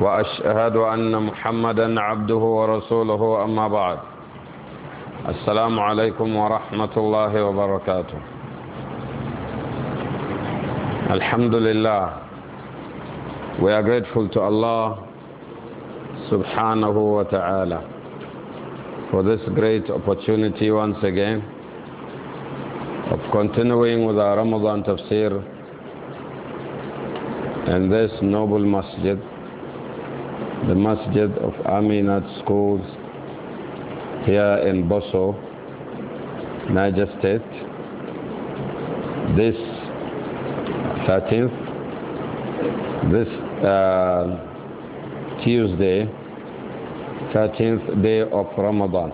وأشهد أن محمدا عبده ورسوله أما بعد السلام عليكم ورحمة الله وبركاته الحمد لله We are grateful to Allah subhanahu wa ta'ala for this great opportunity once again of continuing with our Ramadan tafsir in this noble masjid the masjid of Aminat schools here in Boso, Niger State. This 13th, this uh, Tuesday, 13th day of Ramadan,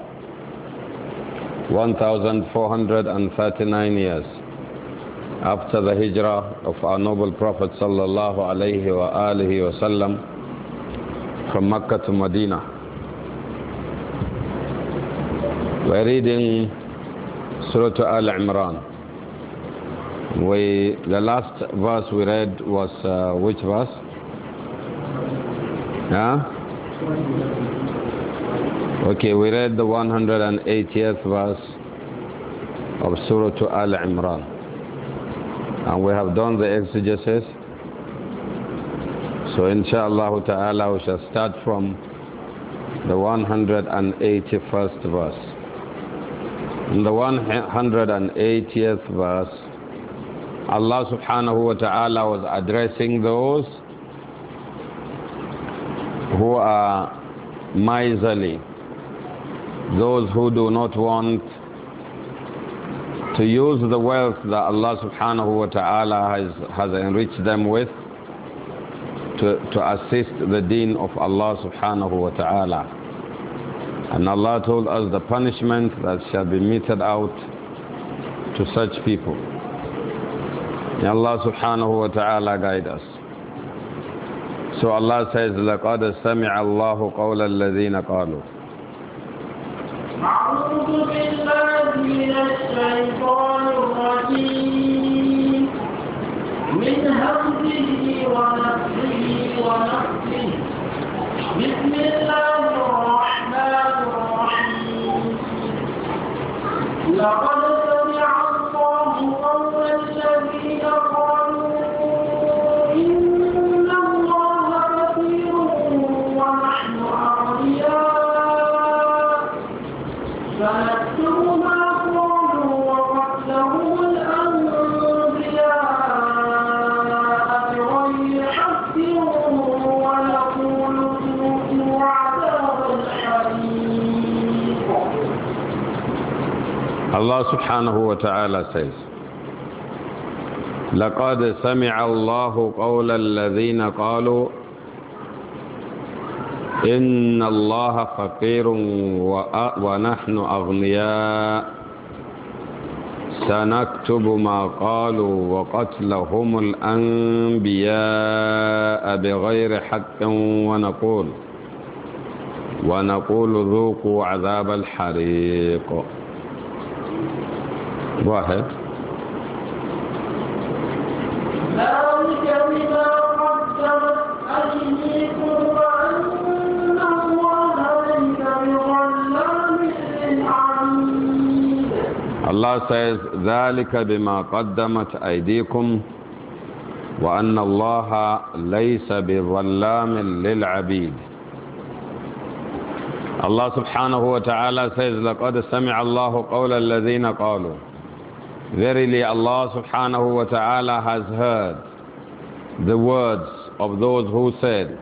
1439 years after the hijrah of our noble Prophet sallallahu alaihi wasallam from Mecca to Medina. We're reading Surah Al Imran. We, the last verse we read was uh, which verse? Yeah? Okay, we read the 180th verse of Surah Al Imran. And we have done the exegesis so insha'Allah ta'ala we shall start from the 181st verse. In the 180th verse, Allah subhanahu wa ta'ala was addressing those who are miserly, those who do not want to use the wealth that Allah subhanahu wa ta'ala has, has enriched them with to, to assist the deen of Allah subhanahu wa ta'ala. And Allah told us the punishment that shall be meted out to such people. May Allah subhanahu wa ta'ala guide us. So Allah says, لَقَدْ سَمِعَ اللَّهُ قَوْلَ الَّذِينَ قَالُوا أعوذ بالله من الشيطان الرجيم من الله سبحانه وتعالى says, لقد سمع الله قول الذين قالوا إن الله فقير ونحن أغنياء سنكتب ما قالوا وقتلهم الأنبياء بغير حق ونقول ونقول ذوقوا عذاب الحريق واحد ذلك بما قدمت أيديكم وأن الله ليس بظلام للعبيد Allah says ذلك بما قدمت أيديكم وأن الله ليس بظلام للعبيد Allah subhanahu wa ta'ala says لقد سمع الله قول الذين قالوا Verily Allah subhanahu wa ta'ala has heard the words of those who said,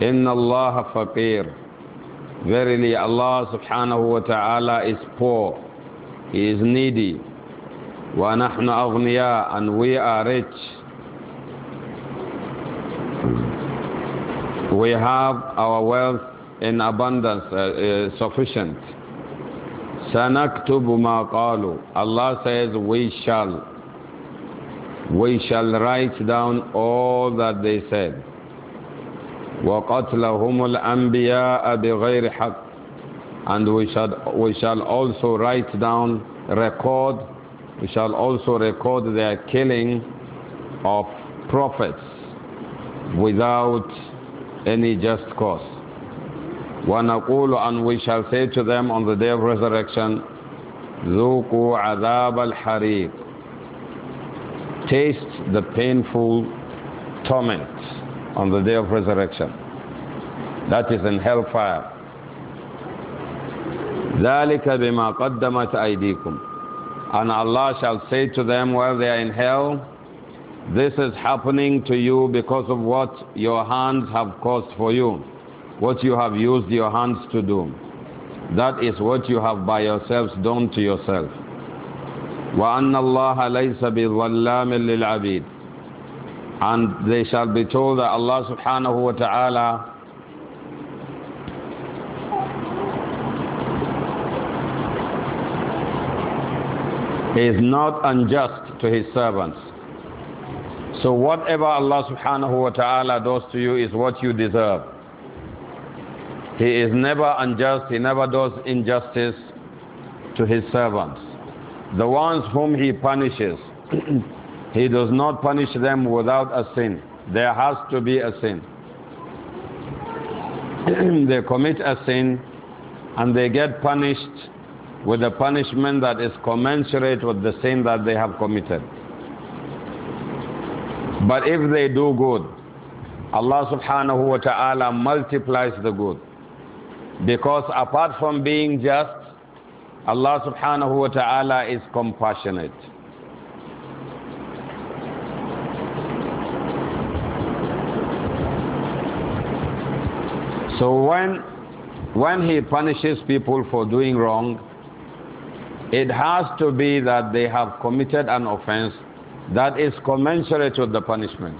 Inna Allah faqir. Verily Allah subhanahu wa ta'ala is poor. He is needy. Wa nahnu aghniya and we are rich. We have our wealth in abundance, uh, uh, sufficient. Sanaktubu ma qalu. Allah says, we shall. We shall write down all that they said. وقتلهم الأنبياء بغير حق and we shall, we shall also write down record we shall also record their killing of prophets without any just cause وَنَقُولُ And we shall say to them on the day of resurrection, ذُوقُوا عَذَابَ الْحَرِيقِ Taste the painful torment on the day of resurrection. That is in hellfire. ذَلِكَ بِمَا قَدَّمَتْ أَيْدِيكُمْ and Allah shall say to them while they are in hell, This is happening to you because of what your hands have caused for you what you have used your hands to do. That is what you have by yourselves done to yourself. وَأَنَّ اللَّهَ لَيْسَ بِظَلَّامٍ لِلْعَبِيدِ And they shall be told that Allah subhanahu wa ta'ala is not unjust to his servants. So whatever Allah subhanahu wa ta'ala does to you is what you deserve. He is never unjust, he never does injustice to his servants. The ones whom he punishes, he does not punish them without a sin. There has to be a sin. they commit a sin and they get punished with a punishment that is commensurate with the sin that they have committed. But if they do good, Allah subhanahu wa ta'ala multiplies the good. Because apart from being just, Allah subhanahu wa ta'ala is compassionate. So when, when he punishes people for doing wrong, it has to be that they have committed an offense that is commensurate with the punishment.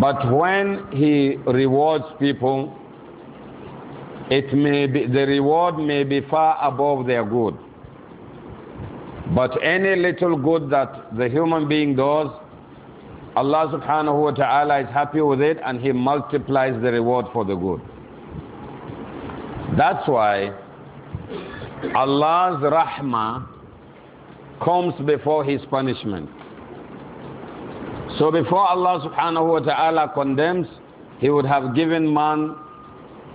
But when he rewards people, it may be, the reward may be far above their good. But any little good that the human being does, Allah subhanahu wa ta'ala is happy with it and He multiplies the reward for the good. That's why Allah's rahmah comes before His punishment. So before Allah subhanahu wa ta'ala condemns, He would have given man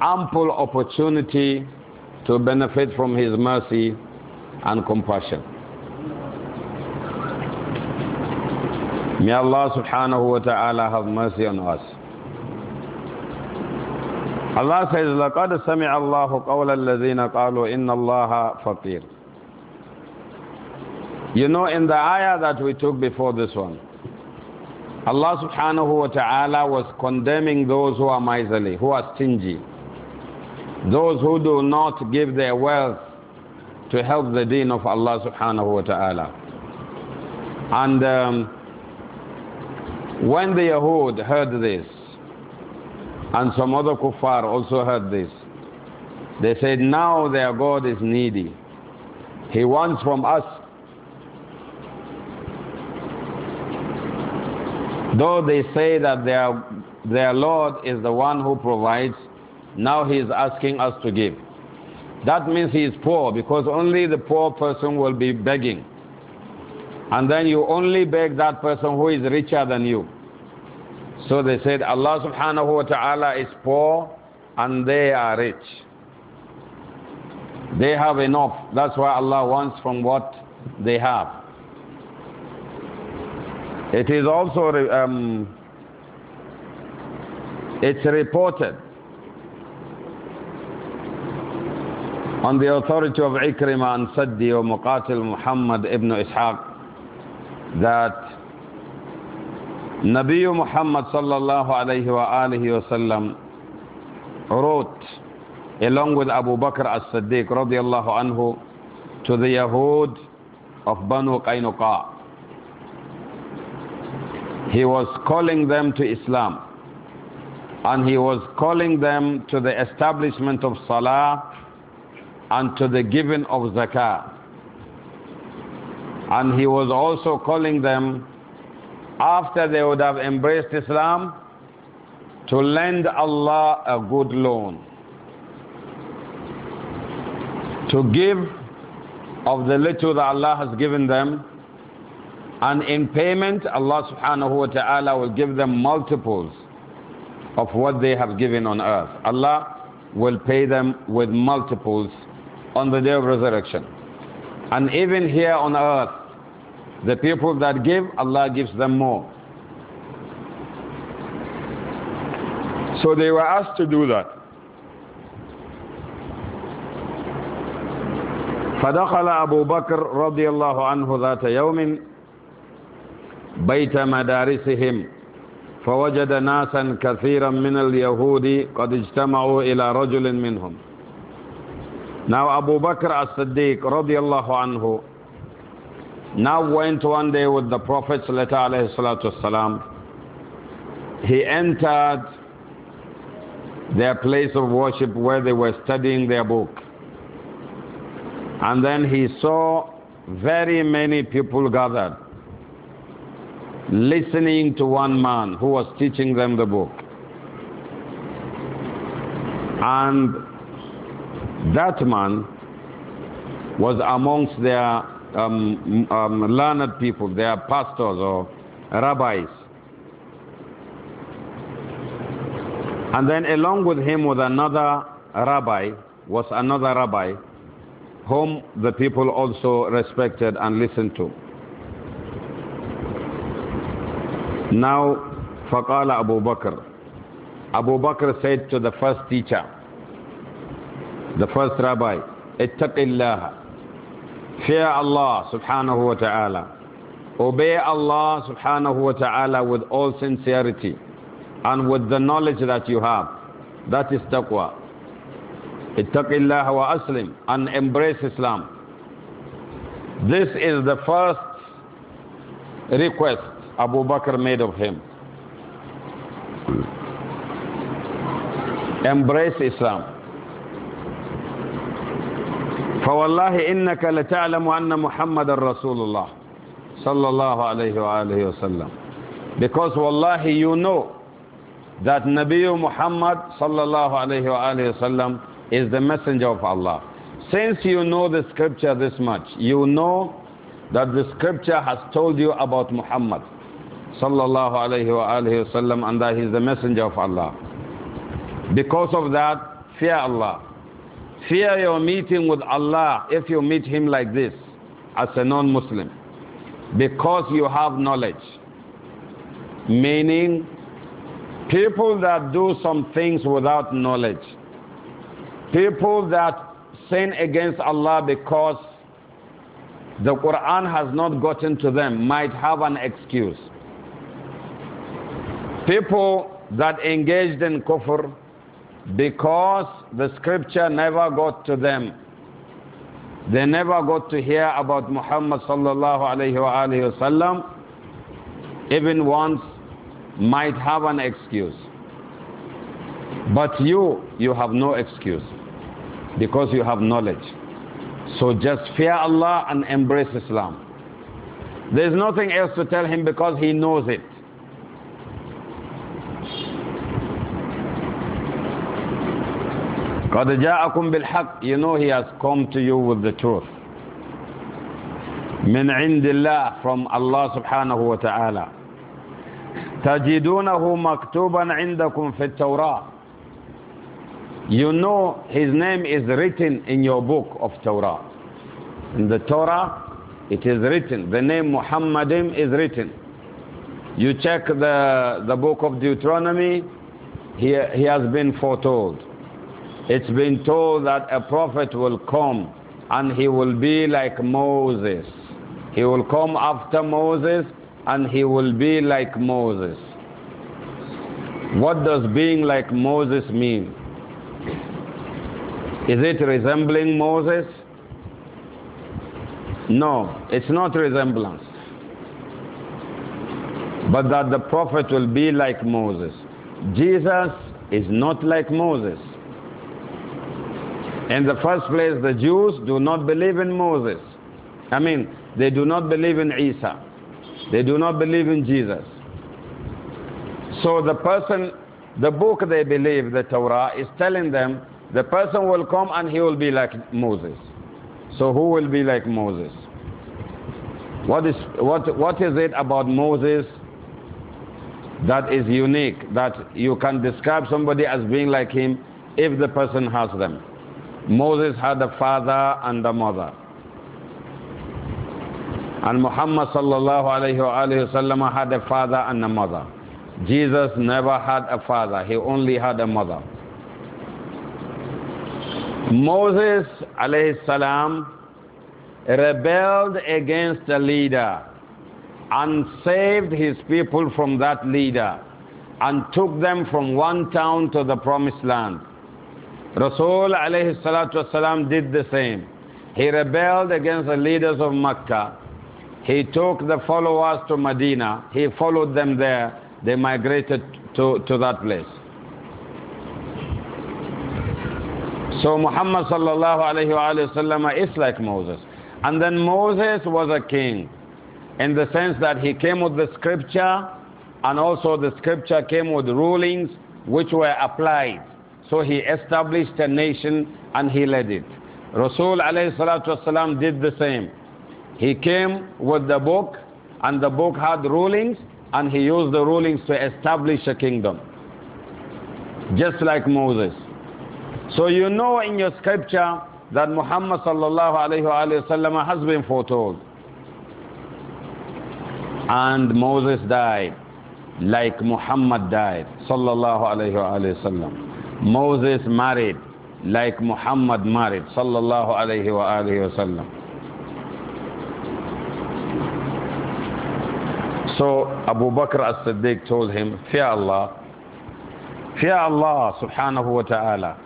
ample opportunity to benefit from His mercy and compassion. May Allah subhanahu wa ta'ala have mercy on us. Allah says, لَقَدْ سَمِعَ اللَّهُ قَوْلَ الَّذِينَ قَالُوا إِنَّ اللَّهَ فَقِيرٌ You know, in the ayah that we took before this one, Allah subhanahu wa ta'ala was condemning those who are miserly, who are stingy. Those who do not give their wealth to help the deen of Allah subhanahu wa ta'ala. And um, when the Yahud heard this, and some other kuffar also heard this, they said, Now their God is needy. He wants from us. Though they say that their, their Lord is the one who provides, now he is asking us to give. That means he is poor because only the poor person will be begging. And then you only beg that person who is richer than you. So they said, Allah subhanahu wa ta'ala is poor and they are rich. They have enough. That's why Allah wants from what they have. It is also, um, it's reported on the authority of Ikrimah and Saddi or Muqatil Muhammad ibn Ishaq that Nabi Muhammad sallallahu alayhi wa alihi wasallam wrote along with Abu Bakr as-Siddiq radiallahu anhu to the Yahud of Banu Qaynuqa. He was calling them to Islam and he was calling them to the establishment of Salah and to the giving of zakah. And he was also calling them, after they would have embraced Islam, to lend Allah a good loan. To give of the little that Allah has given them, and in payment, Allah subhanahu wa ta'ala will give them multiples of what they have given on earth. Allah will pay them with multiples on the day of resurrection. And even here on earth, the people that give, Allah gives them more. So they were asked to do that. فدخل أبو بكر رضي الله عنه ذات يوم بيت مدارسهم فوجد ناسا كثيرا من اليهود قد اجتمعوا إلى رجل منهم now Abu Bakr as-Siddiq radiallahu anhu now went one day with the Prophet's letter alayhi salatu wasalam. He entered their place of worship where they were studying their book. And then he saw very many people gathered, listening to one man who was teaching them the book. And that man was amongst their um, um, learned people, their pastors or rabbis. And then along with him was another rabbi, was another rabbi, whom the people also respected and listened to. Now, فقال Abu Bakr. Abu Bakr said to the first teacher, the first rabbi, ittaqillah. Fear Allah subhanahu wa ta'ala. Obey Allah subhanahu wa ta'ala with all sincerity and with the knowledge that you have. That is taqwa. Ittaqillah wa aslim and embrace Islam. This is the first request Abu Bakr made of him. Embrace Islam. فوالله إنك لتعلم أن محمد رسول الله صلى الله عليه وآله وسلم because والله you know that نبي محمد صلى الله عليه وآله وسلم is the messenger of Allah. Since you know the scripture this much, you know that the scripture has told you about Muhammad صلى الله عليه وآله وسلم and that he is the messenger of Allah. Because of that, fear Allah. Fear your meeting with Allah if you meet Him like this as a non Muslim because you have knowledge. Meaning, people that do some things without knowledge, people that sin against Allah because the Quran has not gotten to them might have an excuse. People that engaged in kufr because the scripture never got to them. They never got to hear about Muhammad sallallahu alayhi wasallam. Even once might have an excuse. But you, you have no excuse because you have knowledge. So just fear Allah and embrace Islam. There's nothing else to tell him because he knows it. قد جاءكم بالحق you know he has come to you with the truth من عند الله from Allah subhanahu wa ta'ala تجدونه مكتوبا عندكم في التوراة you know his name is written in your book of Torah in the Torah it is written the name Muhammadim is written you check the, the book of Deuteronomy he, he has been foretold It's been told that a prophet will come and he will be like Moses. He will come after Moses and he will be like Moses. What does being like Moses mean? Is it resembling Moses? No, it's not resemblance. But that the prophet will be like Moses. Jesus is not like Moses. In the first place, the Jews do not believe in Moses. I mean, they do not believe in Isa. They do not believe in Jesus. So the person, the book they believe, the Torah, is telling them the person will come and he will be like Moses. So who will be like Moses? What is, what, what is it about Moses that is unique, that you can describe somebody as being like him if the person has them? Moses had a father and a mother. And Muhammad sallallahu alayhi wa sallam had a father and a mother. Jesus never had a father, he only had a mother. Moses alayhi salam rebelled against a leader and saved his people from that leader and took them from one town to the promised land. Rasul alayhi salatu wasalam did the same. He rebelled against the leaders of Mecca. He took the followers to Medina. He followed them there. They migrated to, to that place. So Muhammad sallallahu alayhi wa sallam is like Moses. And then Moses was a king in the sense that he came with the scripture and also the scripture came with rulings which were applied. So he established a nation and he led it. Rasul did the same. He came with the book and the book had rulings and he used the rulings to establish a kingdom. Just like Moses. So you know in your scripture that Muhammad has been foretold. And Moses died like Muhammad died sallallahu alayhi wasallam. Moses married like Muhammad married, sallallahu alayhi wa wa sallam. So Abu Bakr as-Siddiq told him, Fear Allah, fear Allah subhanahu wa ta'ala,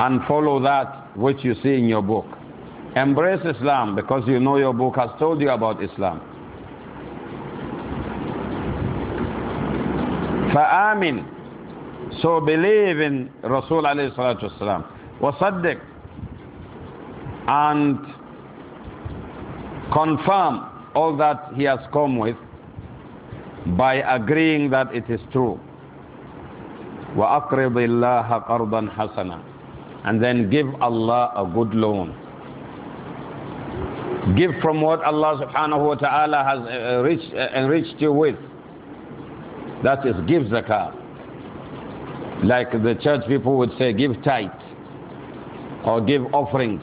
and follow that which you see in your book. Embrace Islam because you know your book has told you about Islam. فآمن so believe in Rasul alayhi salatu wasalam. Wasaddiq. And confirm all that he has come with by agreeing that it is true. وَأَقْرِضِ اللَّهَ قَرْضًا حَسَنًا And then give Allah a good loan. Give from what Allah subhanahu wa ta'ala has uh, enriched, uh, enriched you with. That is, give zakah. Like the church people would say, give tithe or give offerings.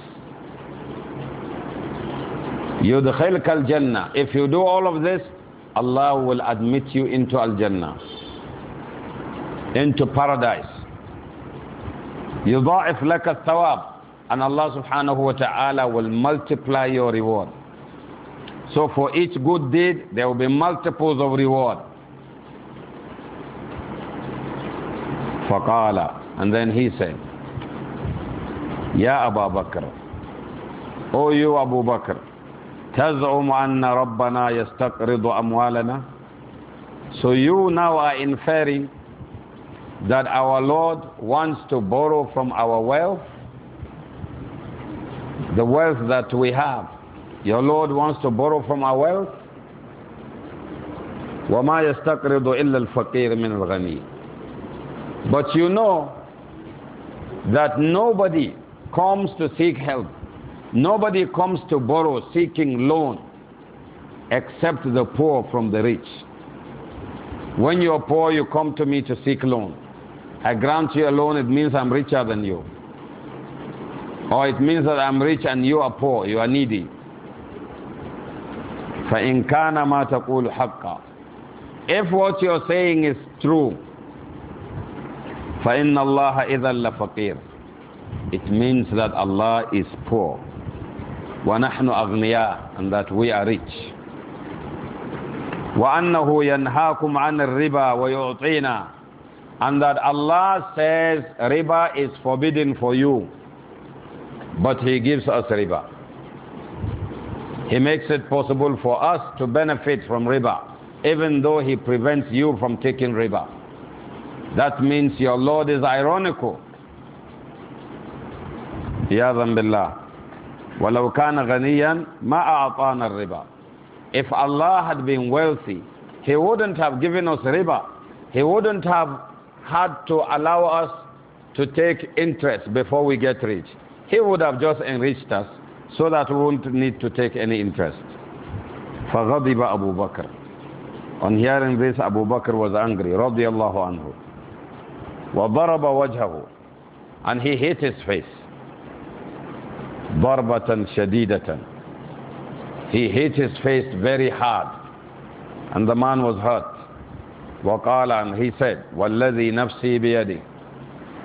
يدخلك الجنة. If you do all of this, Allah will admit you into Al Jannah, into paradise. يضاعف لك الثواب and Allah subhanahu wa ta'ala will multiply your reward. So for each good deed, there will be multiples of reward. فقال, and then he said, Ya Abu Bakr, O you Abu Bakr, تزعم أن ربنا يستقرض أموالنا So you now are inferring that our Lord wants to borrow from our wealth, the wealth that we have. Your Lord wants to borrow from our wealth. وما يستقرض إلا الفقير من الغني but you know that nobody comes to seek help. Nobody comes to borrow seeking loan except the poor from the rich. When you are poor, you come to me to seek loan. I grant you a loan, it means I'm richer than you. Or it means that I'm rich and you are poor, you are needy. فإن كان ما تقول حقا if what you're saying is true فَإِنَّ اللَّهَ إِذًا لَفَقِيرٌ It means that Allah is poor. وَنَحْنُ أَغْنِيَاءٌ And that we are rich. وَأَنَّهُ يَنْهَاكُمْ عَنِ الرِّبَى وَيُعْطِينَا And that Allah says riba is forbidden for you. But He gives us riba. He makes it possible for us to benefit from riba, even though He prevents you from taking riba. That means your Lord is ironical. Iyadhan billah. وَلَوْ كَانَ غَنِيًّا مَا أَعْطَانَ الرِّبَى If Allah had been wealthy, He wouldn't have given us riba. He wouldn't have had to allow us to take interest before we get rich. He would have just enriched us so that we wouldn't need to take any interest. فَغَضِبَ أَبُو بَكْرٍ On hearing this, Abu Bakr was angry, رضي الله عنه. وَضَرَبَ وَجْهَهُ And he hit his face. ضَرْبَةً شَدِيدَةً He hit his face very hard. And the man was hurt. وَقَالَ And he said, وَالَّذِي نَفْسِي بِيَدِهِ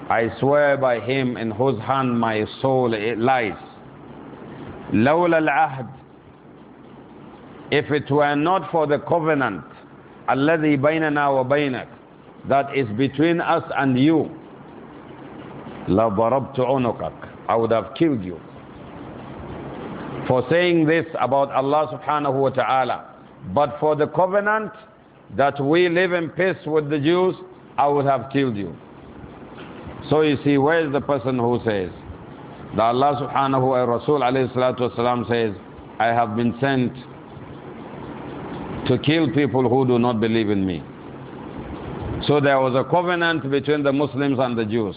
I swear by him in whose hand my soul lies. لولا العهد If it were not for the covenant الذي بيننا وبينك that is between us and you, لَضَرَبْتُ عُنُقَكَ I would have killed you. For saying this about Allah subhanahu wa ta'ala. But for the covenant that we live in peace with the Jews, I would have killed you. So you see, where is the person who says that Allah subhanahu wa Rasul alayhi salatu wasalam says, I have been sent to kill people who do not believe in me. So there was a covenant between the Muslims and the Jews.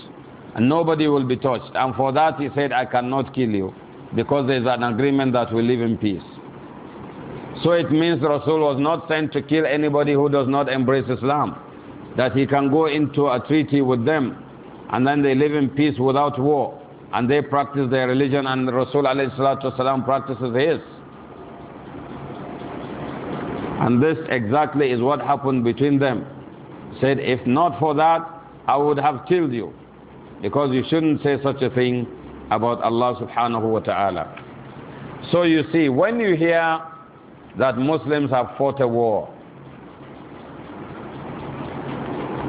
And nobody will be touched. And for that he said, I cannot kill you. Because there is an agreement that we live in peace. So it means Rasul was not sent to kill anybody who does not embrace Islam. That he can go into a treaty with them. And then they live in peace without war. And they practice their religion and Rasul والسلام, practices his. And this exactly is what happened between them said, If not for that, I would have killed you. Because you shouldn't say such a thing about Allah subhanahu wa ta'ala. So you see, when you hear that Muslims have fought a war,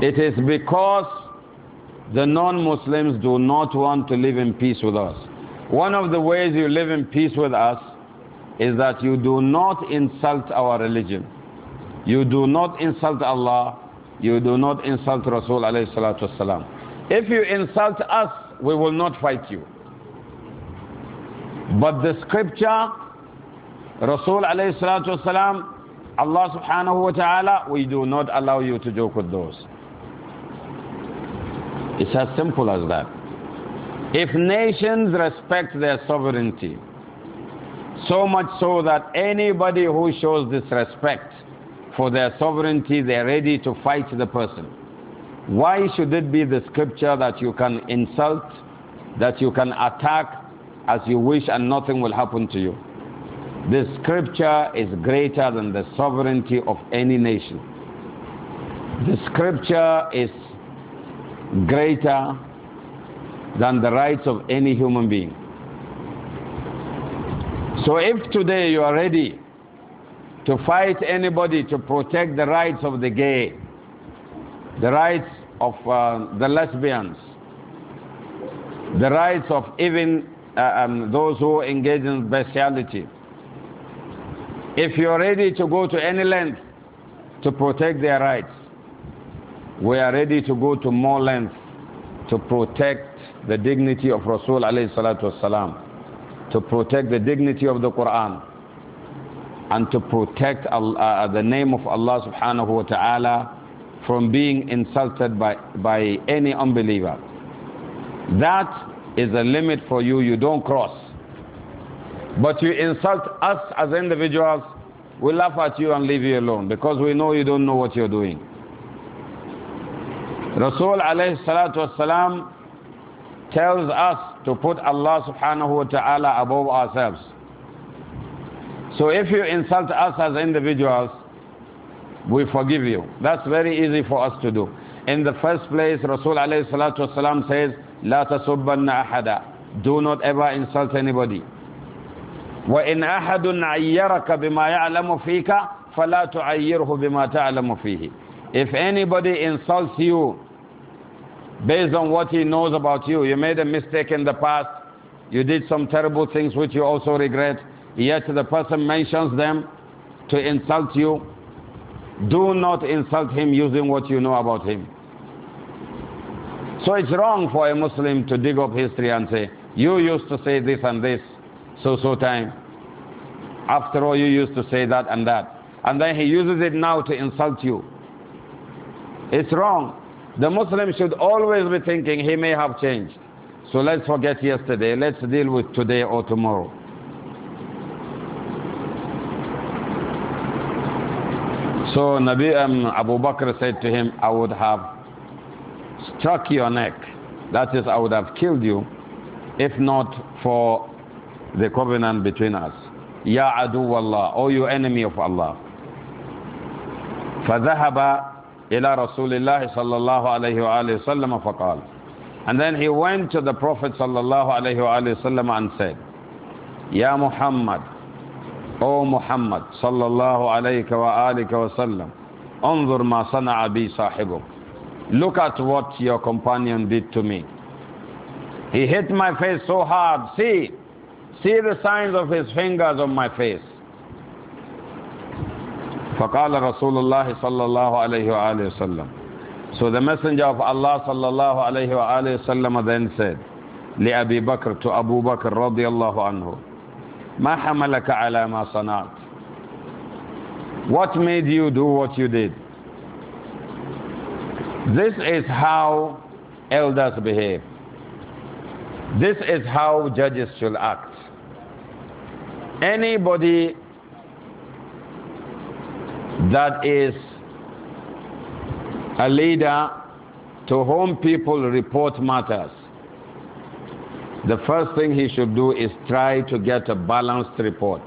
it is because the non Muslims do not want to live in peace with us. One of the ways you live in peace with us is that you do not insult our religion. You do not insult Allah you do not insult Rasul alayhi salatu wasalam. If you insult us, we will not fight you. But the scripture, Rasul alayhi salatu wasalam, Allah subhanahu wa ta'ala, we do not allow you to joke with those. It's as simple as that. If nations respect their sovereignty, so much so that anybody who shows disrespect for their sovereignty, they're ready to fight the person. Why should it be the scripture that you can insult, that you can attack as you wish and nothing will happen to you? The scripture is greater than the sovereignty of any nation. The scripture is greater than the rights of any human being. So if today you are ready to fight anybody to protect the rights of the gay, the rights of uh, the lesbians, the rights of even uh, um, those who engage in bestiality. If you're ready to go to any length to protect their rights, we are ready to go to more length to protect the dignity of Rasul alayhi salatu wasalam, to protect the dignity of the Quran and to protect Allah, uh, uh, the name of Allah subhanahu wa ta'ala from being insulted by, by any unbeliever. That is a limit for you, you don't cross. But you insult us as individuals, we laugh at you and leave you alone because we know you don't know what you're doing. Rasul alayhi salatu wasalam tells us to put Allah subhanahu wa ta'ala above ourselves. So if you insult us as individuals, we forgive you. That's very easy for us to do. In the first place, Rasul alayhi salatu wasalam says, لا تسبن أحدا. Do not ever insult anybody. وإن أحد عيرك بما يعلم فيك فلا تعيره بما تعلم فيه. If anybody insults you based on what he knows about you, you made a mistake in the past, you did some terrible things which you also regret, yet the person mentions them to insult you, do not insult him using what you know about him. So it's wrong for a Muslim to dig up history and say, You used to say this and this, so so time. After all, you used to say that and that. And then he uses it now to insult you. It's wrong. The Muslim should always be thinking he may have changed. So let's forget yesterday, let's deal with today or tomorrow. So Nabi um, Abu Bakr said to him, I would have struck your neck. That is, I would have killed you if not for the covenant between us. Ya adu Allah, O you enemy of Allah. فذهب إلى رسول الله صلى الله عليه وآله وسلم فقال And then he went to the Prophet صلى الله عليه وآله وسلم and said, Ya Muhammad, O Muhammad صلى الله عليك وآلك وسلم انظر ما صنع بي صاحبك. Look at what your companion did to me. He hit my face so hard. See, see the signs of his fingers on my face. فقال رسول الله صلى الله عليه وآله وسلم So the messenger of Allah صلى الله عليه وآله وسلم then said لأبي بكر to Abu Bakr رضي الله عنه ما حملك على ما صنعت What made you do what you did? This is how elders behave. This is how judges should act. Anybody that is a leader to whom people report matters the first thing he should do is try to get a balanced report.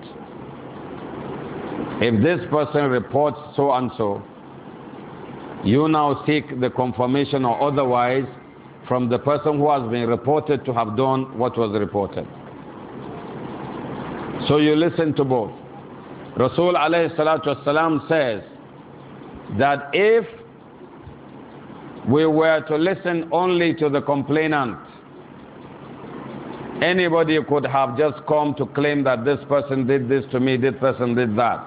If this person reports so and so, you now seek the confirmation or otherwise from the person who has been reported to have done what was reported. So you listen to both. Rasul says that if we were to listen only to the complainant, Anybody could have just come to claim that this person did this to me, this person did that.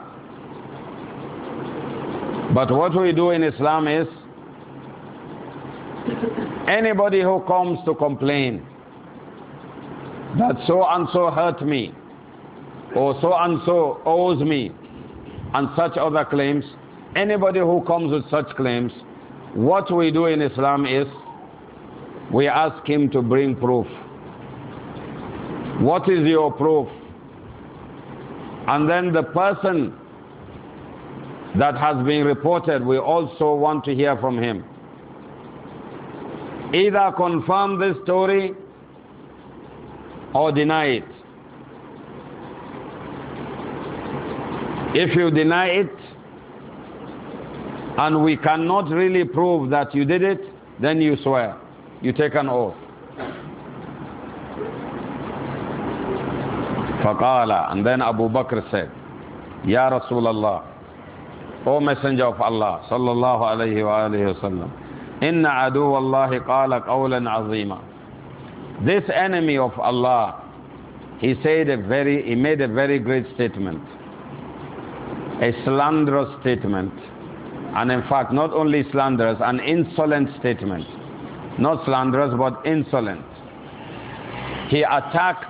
But what we do in Islam is anybody who comes to complain that so and so hurt me, or so and so owes me, and such other claims, anybody who comes with such claims, what we do in Islam is we ask him to bring proof. What is your proof? And then the person that has been reported, we also want to hear from him. Either confirm this story or deny it. If you deny it and we cannot really prove that you did it, then you swear. You take an oath. فقال and then Abu Bakr said Ya Rasulullah O Messenger of Allah sallallahu alaihi wasallam, Inna adu Allahi عدو الله azima.' This enemy of Allah he said a very he made a very great statement a slanderous statement and in fact not only slanderous an insolent statement not slanderous but insolent he attacked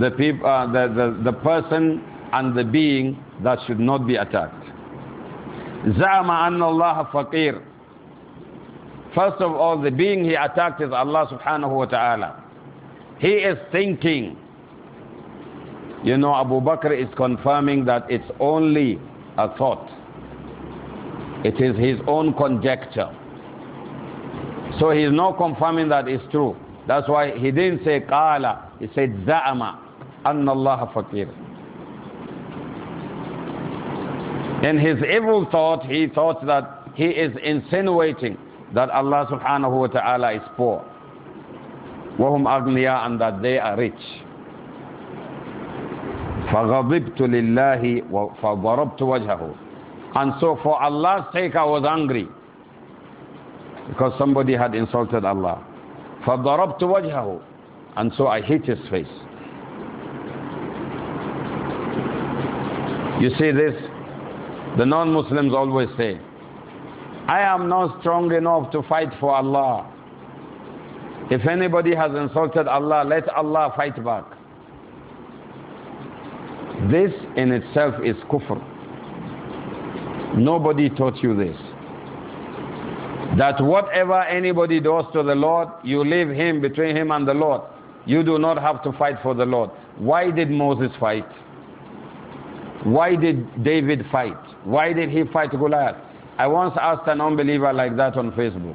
the, peop, uh, the, the, the person and the being that should not be attacked. زعم أن الله فقير First of all, the being he attacked is Allah subhanahu wa ta'ala. He is thinking. You know, Abu Bakr is confirming that it's only a thought. It is his own conjecture. So he is confirming that it's true. That's why he didn't say kala. he said za'ama, anna Allah faqir. In his evil thought, he thought that he is insinuating that Allah subhanahu wa ta'ala is poor. وهم أغنياء and that they are rich. فغضبت لله فضربت وجهه and so for Allah's sake I was angry because somebody had insulted Allah فَضَرَبْتُ وَجْهَهُ And so I hit his face. You see this, the non-Muslims always say, I am not strong enough to fight for Allah. If anybody has insulted Allah, let Allah fight back. This in itself is kufr. Nobody taught you this. That whatever anybody does to the Lord, you leave him between him and the Lord. You do not have to fight for the Lord. Why did Moses fight? Why did David fight? Why did he fight Goliath? I once asked an unbeliever like that on Facebook.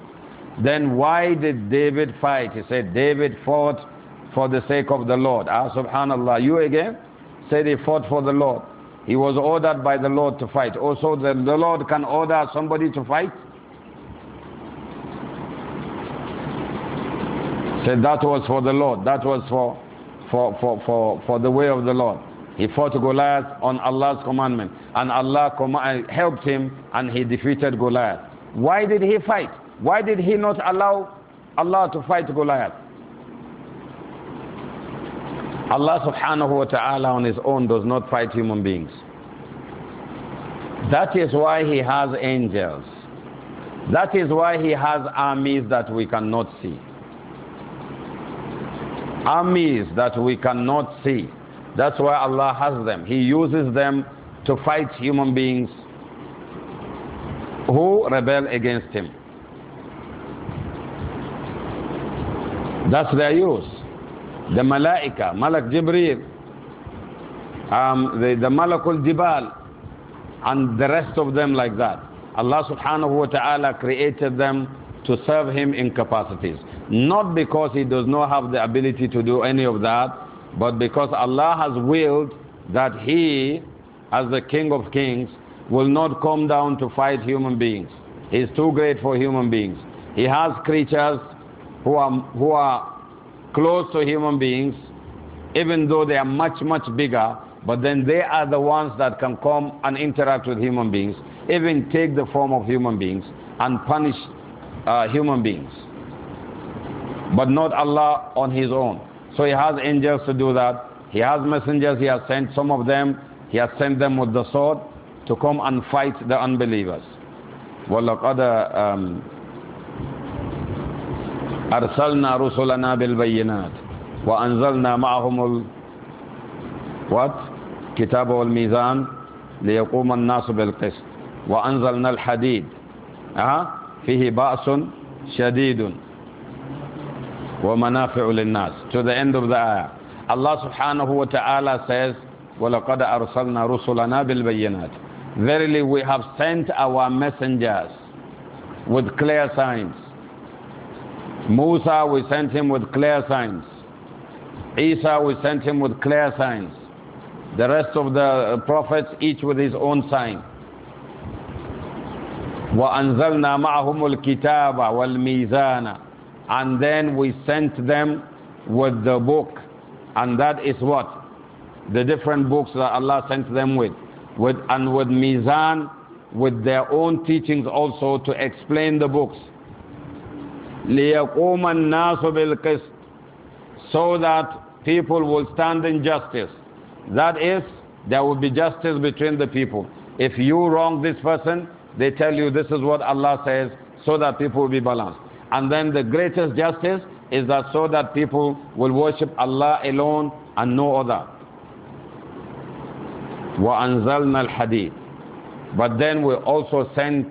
Then why did David fight? He said, David fought for the sake of the Lord. Ah, subhanallah. You again? Said he fought for the Lord. He was ordered by the Lord to fight. Also, the, the Lord can order somebody to fight. Said that was for the Lord. That was for, for, for, for, for the way of the Lord. He fought Goliath on Allah's commandment. And Allah uh, helped him and he defeated Goliath. Why did he fight? Why did he not allow Allah to fight Goliath? Allah subhanahu wa ta'ala on his own does not fight human beings. That is why he has angels. That is why he has armies that we cannot see armies that we cannot see. That's why Allah has them. He uses them to fight human beings who rebel against Him. That's their use. The Malaika, Malak Jibreel, um, the, the Malakul Jibal, and the rest of them like that. Allah subhanahu wa ta'ala created them to serve Him in capacities. Not because he does not have the ability to do any of that, but because Allah has willed that he, as the King of Kings, will not come down to fight human beings. He is too great for human beings. He has creatures who are, who are close to human beings, even though they are much, much bigger, but then they are the ones that can come and interact with human beings, even take the form of human beings and punish uh, human beings. but not Allah on His own. So He has angels to do that. He has messengers. He has sent some of them. He has sent them with the sword to come and fight the unbelievers. وَلَقَدْ أَرْسَلْنَا رُسُلَنَا بِالْبَيِّنَاتِ وَأَنزَلْنَا مَعَهُمُ ال... what? كتاب والميزان ليقوم الناس بالقسط وأنزلنا الحديد فيه بأس شديد لِلنَّاسِ To the end of the ayah. Allah subhanahu wa ta'ala says, وَلَقَدْ أَرْسَلْنَا رُسُلَنَا بِالْبَيِّنَاتِ Verily we have sent our messengers with clear signs. Musa, we sent him with clear signs. Isa, we sent him with clear signs. The rest of the prophets, each with his own sign. وَأَنزَلْنَا مَعَهُمُ الْكِتَابَ وَالْمِيزَانَ and then we sent them with the book, and that is what? The different books that Allah sent them with, with and with Mizan, with their own teachings also to explain the books. لِيَقُومَ النَّاسُ بِالْقِسْطِ So that people will stand in justice. That is, there will be justice between the people. If you wrong this person, they tell you this is what Allah says so that people will be balanced. And then the greatest justice is that so that people will worship Allah alone and no other. وَأَنزَلْنَا الْحَدِيدِ But then we also sent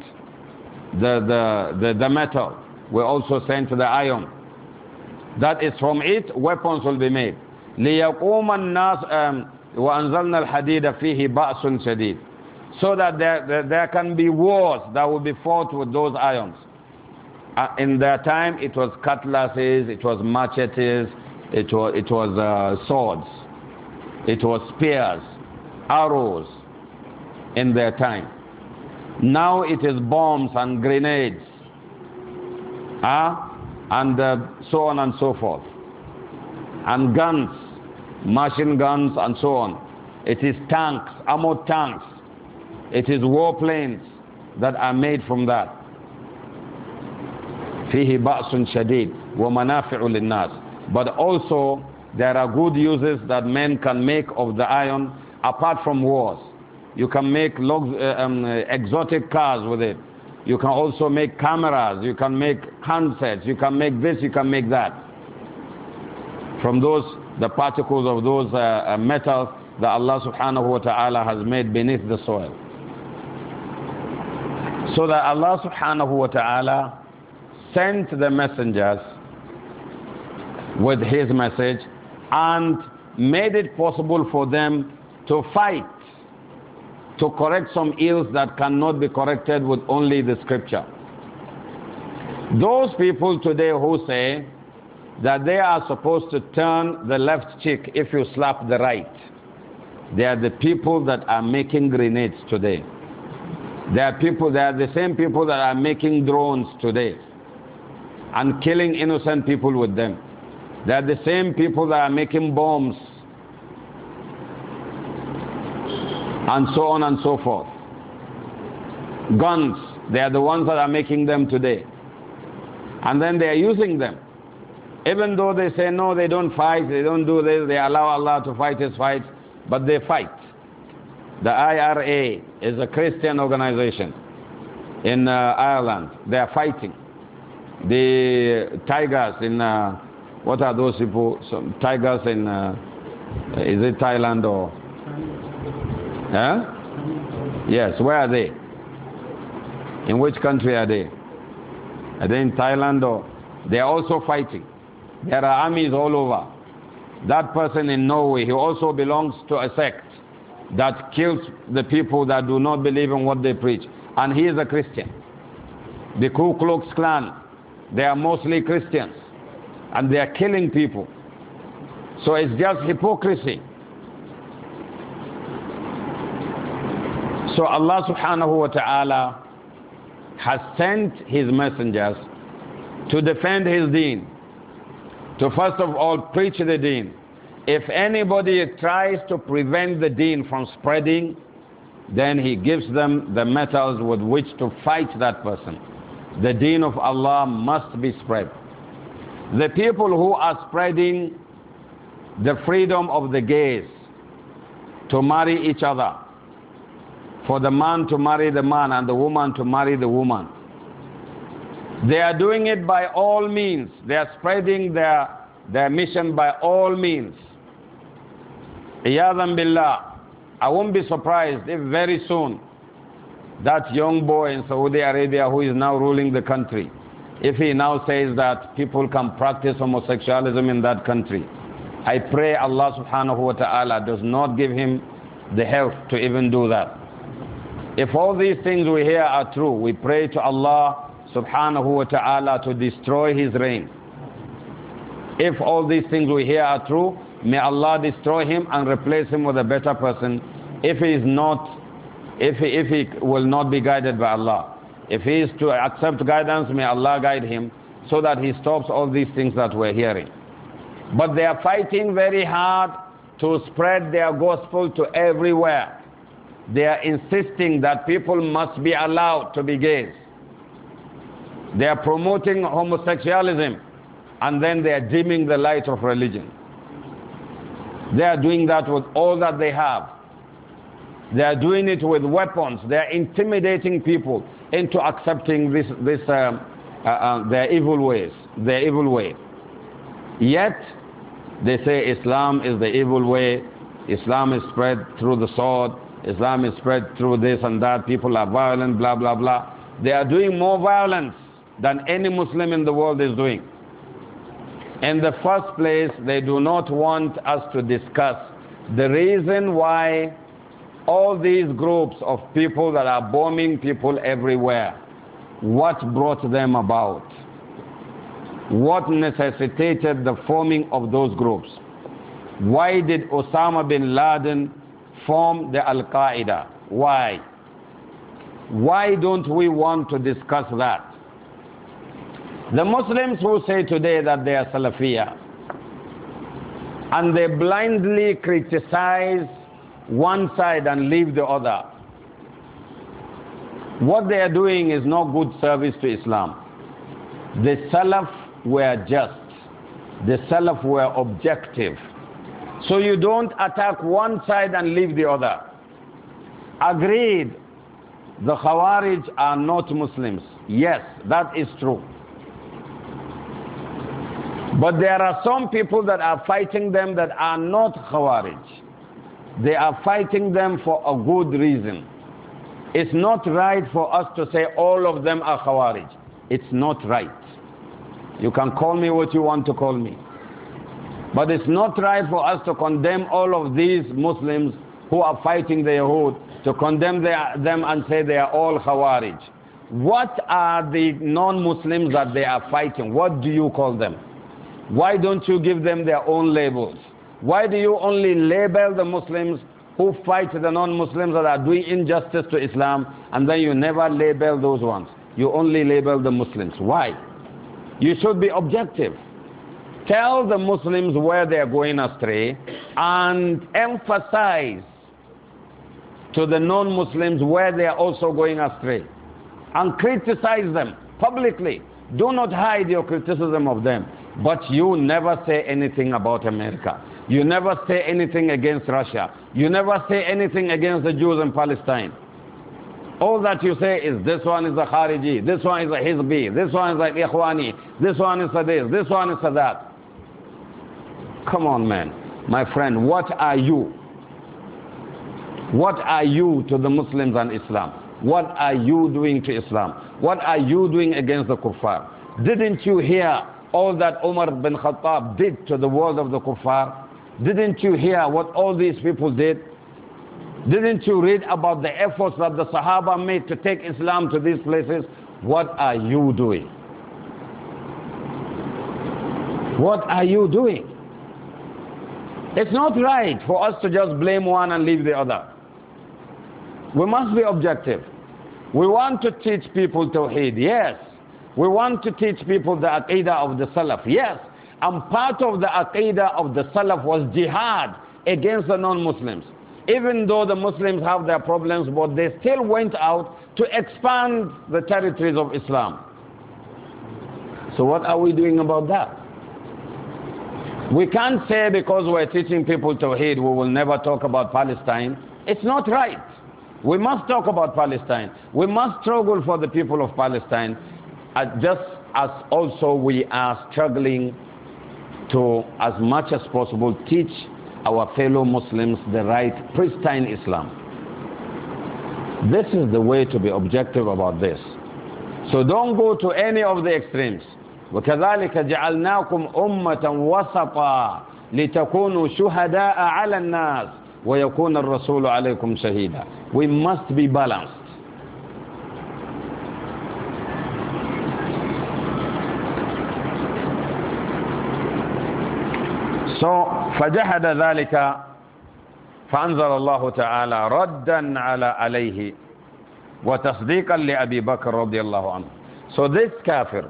the, the, the, the metal. We also sent the iron. That is from it weapons will be made. لِيَقُومَ النَّاسِ um, وَأَنزَلْنَا الْحَدِيدَ فِيهِ بَأْسٌ شَدِيدٌ So that there, there, there can be wars that will be fought with those irons. Uh, in their time, it was cutlasses, it was machetes, it was, it was uh, swords, it was spears, arrows in their time. Now it is bombs and grenades, huh? and uh, so on and so forth, and guns, machine guns, and so on. It is tanks, armored tanks, it is warplanes that are made from that. فيه بأس شديد ومنافع للناس but also there are good uses that men can make of the iron apart from wars you can make uh, um, exotic cars with it you can also make cameras you can make handsets you can make this you can make that from those the particles of those uh, uh metals that Allah subhanahu wa ta'ala has made beneath the soil so that Allah subhanahu wa ta'ala sent the messengers with his message and made it possible for them to fight, to correct some ills that cannot be corrected with only the scripture. Those people today who say that they are supposed to turn the left cheek if you slap the right, they are the people that are making grenades today. They are people, they are the same people that are making drones today and killing innocent people with them. They are the same people that are making bombs and so on and so forth. Guns, they are the ones that are making them today. And then they are using them. Even though they say, no, they don't fight, they don't do this, they allow Allah to fight his fight, but they fight. The IRA is a Christian organization in uh, Ireland. They are fighting. The tigers in, uh, what are those people? Some tigers in, uh, is it Thailand or? Huh? Yes, where are they? In which country are they? Are they in Thailand or? They are also fighting. There are armies all over. That person in Norway, he also belongs to a sect that kills the people that do not believe in what they preach. And he is a Christian. The Ku Klux Klan they are mostly Christians and they are killing people. So it's just hypocrisy. So Allah subhanahu wa ta'ala has sent His messengers to defend His deen, to first of all preach the deen. If anybody tries to prevent the deen from spreading, then He gives them the metals with which to fight that person the deen of Allah must be spread. The people who are spreading the freedom of the gays to marry each other, for the man to marry the man and the woman to marry the woman, they are doing it by all means. They are spreading their, their mission by all means. Iyadhan billah. I won't be surprised if very soon that young boy in Saudi Arabia who is now ruling the country, if he now says that people can practice homosexualism in that country, I pray Allah subhanahu wa ta'ala does not give him the health to even do that. If all these things we hear are true, we pray to Allah subhanahu wa ta'ala to destroy his reign. If all these things we hear are true, may Allah destroy him and replace him with a better person. If he is not if, he, if he will not be guided by Allah. If he is to accept guidance, may Allah guide him so that he stops all these things that we're hearing. But they are fighting very hard to spread their gospel to everywhere. They are insisting that people must be allowed to be gays. They are promoting homosexualism and then they are dimming the light of religion. They are doing that with all that they have. They are doing it with weapons. They are intimidating people into accepting this, this, uh, uh, uh, their evil ways, their evil way. Yet, they say Islam is the evil way. Islam is spread through the sword. Islam is spread through this and that. People are violent, blah, blah, blah. They are doing more violence than any Muslim in the world is doing. In the first place, they do not want us to discuss the reason why all these groups of people that are bombing people everywhere, what brought them about? What necessitated the forming of those groups? Why did Osama bin Laden form the Al Qaeda? Why? Why don't we want to discuss that? The Muslims who say today that they are Salafiyah and they blindly criticize one side and leave the other. What they are doing is no good service to Islam. The Salaf were just. The Salaf were objective. So you don't attack one side and leave the other. Agreed, the Khawarij are not Muslims. Yes, that is true. But there are some people that are fighting them that are not Khawarij. They are fighting them for a good reason. It's not right for us to say all of them are Khawarij. It's not right. You can call me what you want to call me. But it's not right for us to condemn all of these Muslims who are fighting the Yahud, to condemn their, them and say they are all Khawarij. What are the non Muslims that they are fighting? What do you call them? Why don't you give them their own labels? Why do you only label the Muslims who fight the non-Muslims that are doing injustice to Islam and then you never label those ones? You only label the Muslims. Why? You should be objective. Tell the Muslims where they are going astray and emphasize to the non-Muslims where they are also going astray and criticize them publicly. Do not hide your criticism of them. But you never say anything about America. You never say anything against Russia. You never say anything against the Jews in Palestine. All that you say is this one is a Khariji, this one is a Hizbi, this one is a Ikhwani, this one is a this, this one is a that. Come on, man. My friend, what are you? What are you to the Muslims and Islam? What are you doing to Islam? What are you doing against the kuffar? Didn't you hear all that Umar bin Khattab did to the world of the kuffar? Didn't you hear what all these people did? Didn't you read about the efforts that the Sahaba made to take Islam to these places? What are you doing? What are you doing? It's not right for us to just blame one and leave the other. We must be objective. We want to teach people Tawheed, yes. We want to teach people the Aqidah of the Salaf, yes. And part of the aqidah of the Salaf was jihad against the non-Muslims. Even though the Muslims have their problems, but they still went out to expand the territories of Islam. So what are we doing about that? We can't say because we're teaching people Tawheed, we will never talk about Palestine. It's not right. We must talk about Palestine. We must struggle for the people of Palestine, uh, just as also we are struggling to, as much as possible, teach our fellow Muslims the right pristine Islam. This is the way to be objective about this. So don't go to any of the extremes. وكذلك جعلناكم أمة وسطا لتكونوا شهداء على الناس ويكون الرسول عليكم شهيدا. We must be balanced. So, fajahada ذلك فأنزل الله تعالى ردا على عليه وتصديقا لأبي بكر رضي الله عنه. So this kafir,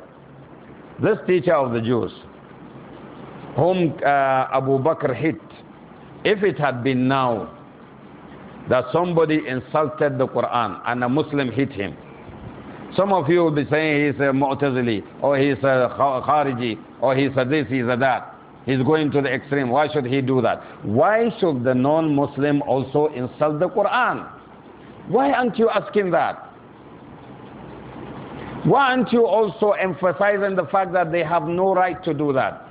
this teacher of the Jews, whom uh, Abu Bakr hit, if it had been now that somebody insulted the Quran and a Muslim hit him, some of you will be saying he's a Mu'tazili, or he's a Khariji, or he's a this, he's a that. He's going to the extreme. Why should he do that? Why should the non-Muslim also insult the Quran? Why aren't you asking that? Why aren't you also emphasizing the fact that they have no right to do that?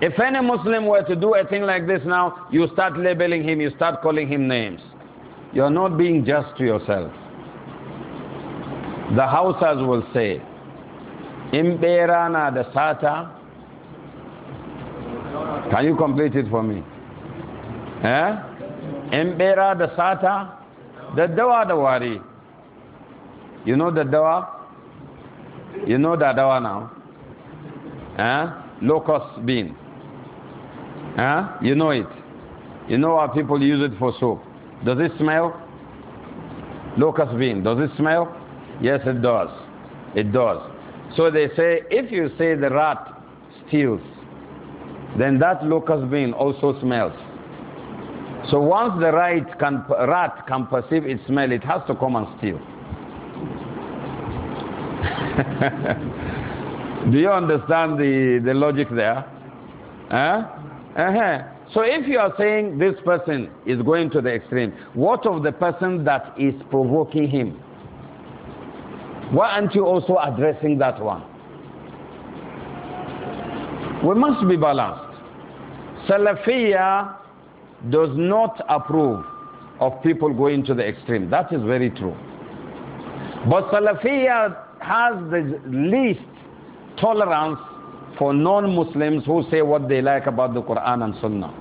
If any Muslim were to do a thing like this now, you start labeling him, you start calling him names. You're not being just to yourself. The Hausas will say, Imberana the Sata, can you complete it for me? Eh? Embera, the sata, the dawa, the wari. You know the dawa? You know the dawa now? Eh? Locust bean. Eh? You know it. You know how people use it for soap. Does it smell? Locust bean. Does it smell? Yes, it does. It does. So they say if you say the rat steals, then that locust bean also smells. So once the rat can, rat can perceive its smell, it has to come and steal. Do you understand the, the logic there? Huh? Uh-huh. So if you are saying this person is going to the extreme, what of the person that is provoking him? Why aren't you also addressing that one? We must be balanced. Salafiyah does not approve of people going to the extreme. That is very true. But Salafiyah has the least tolerance for non-Muslims who say what they like about the Quran and Sunnah.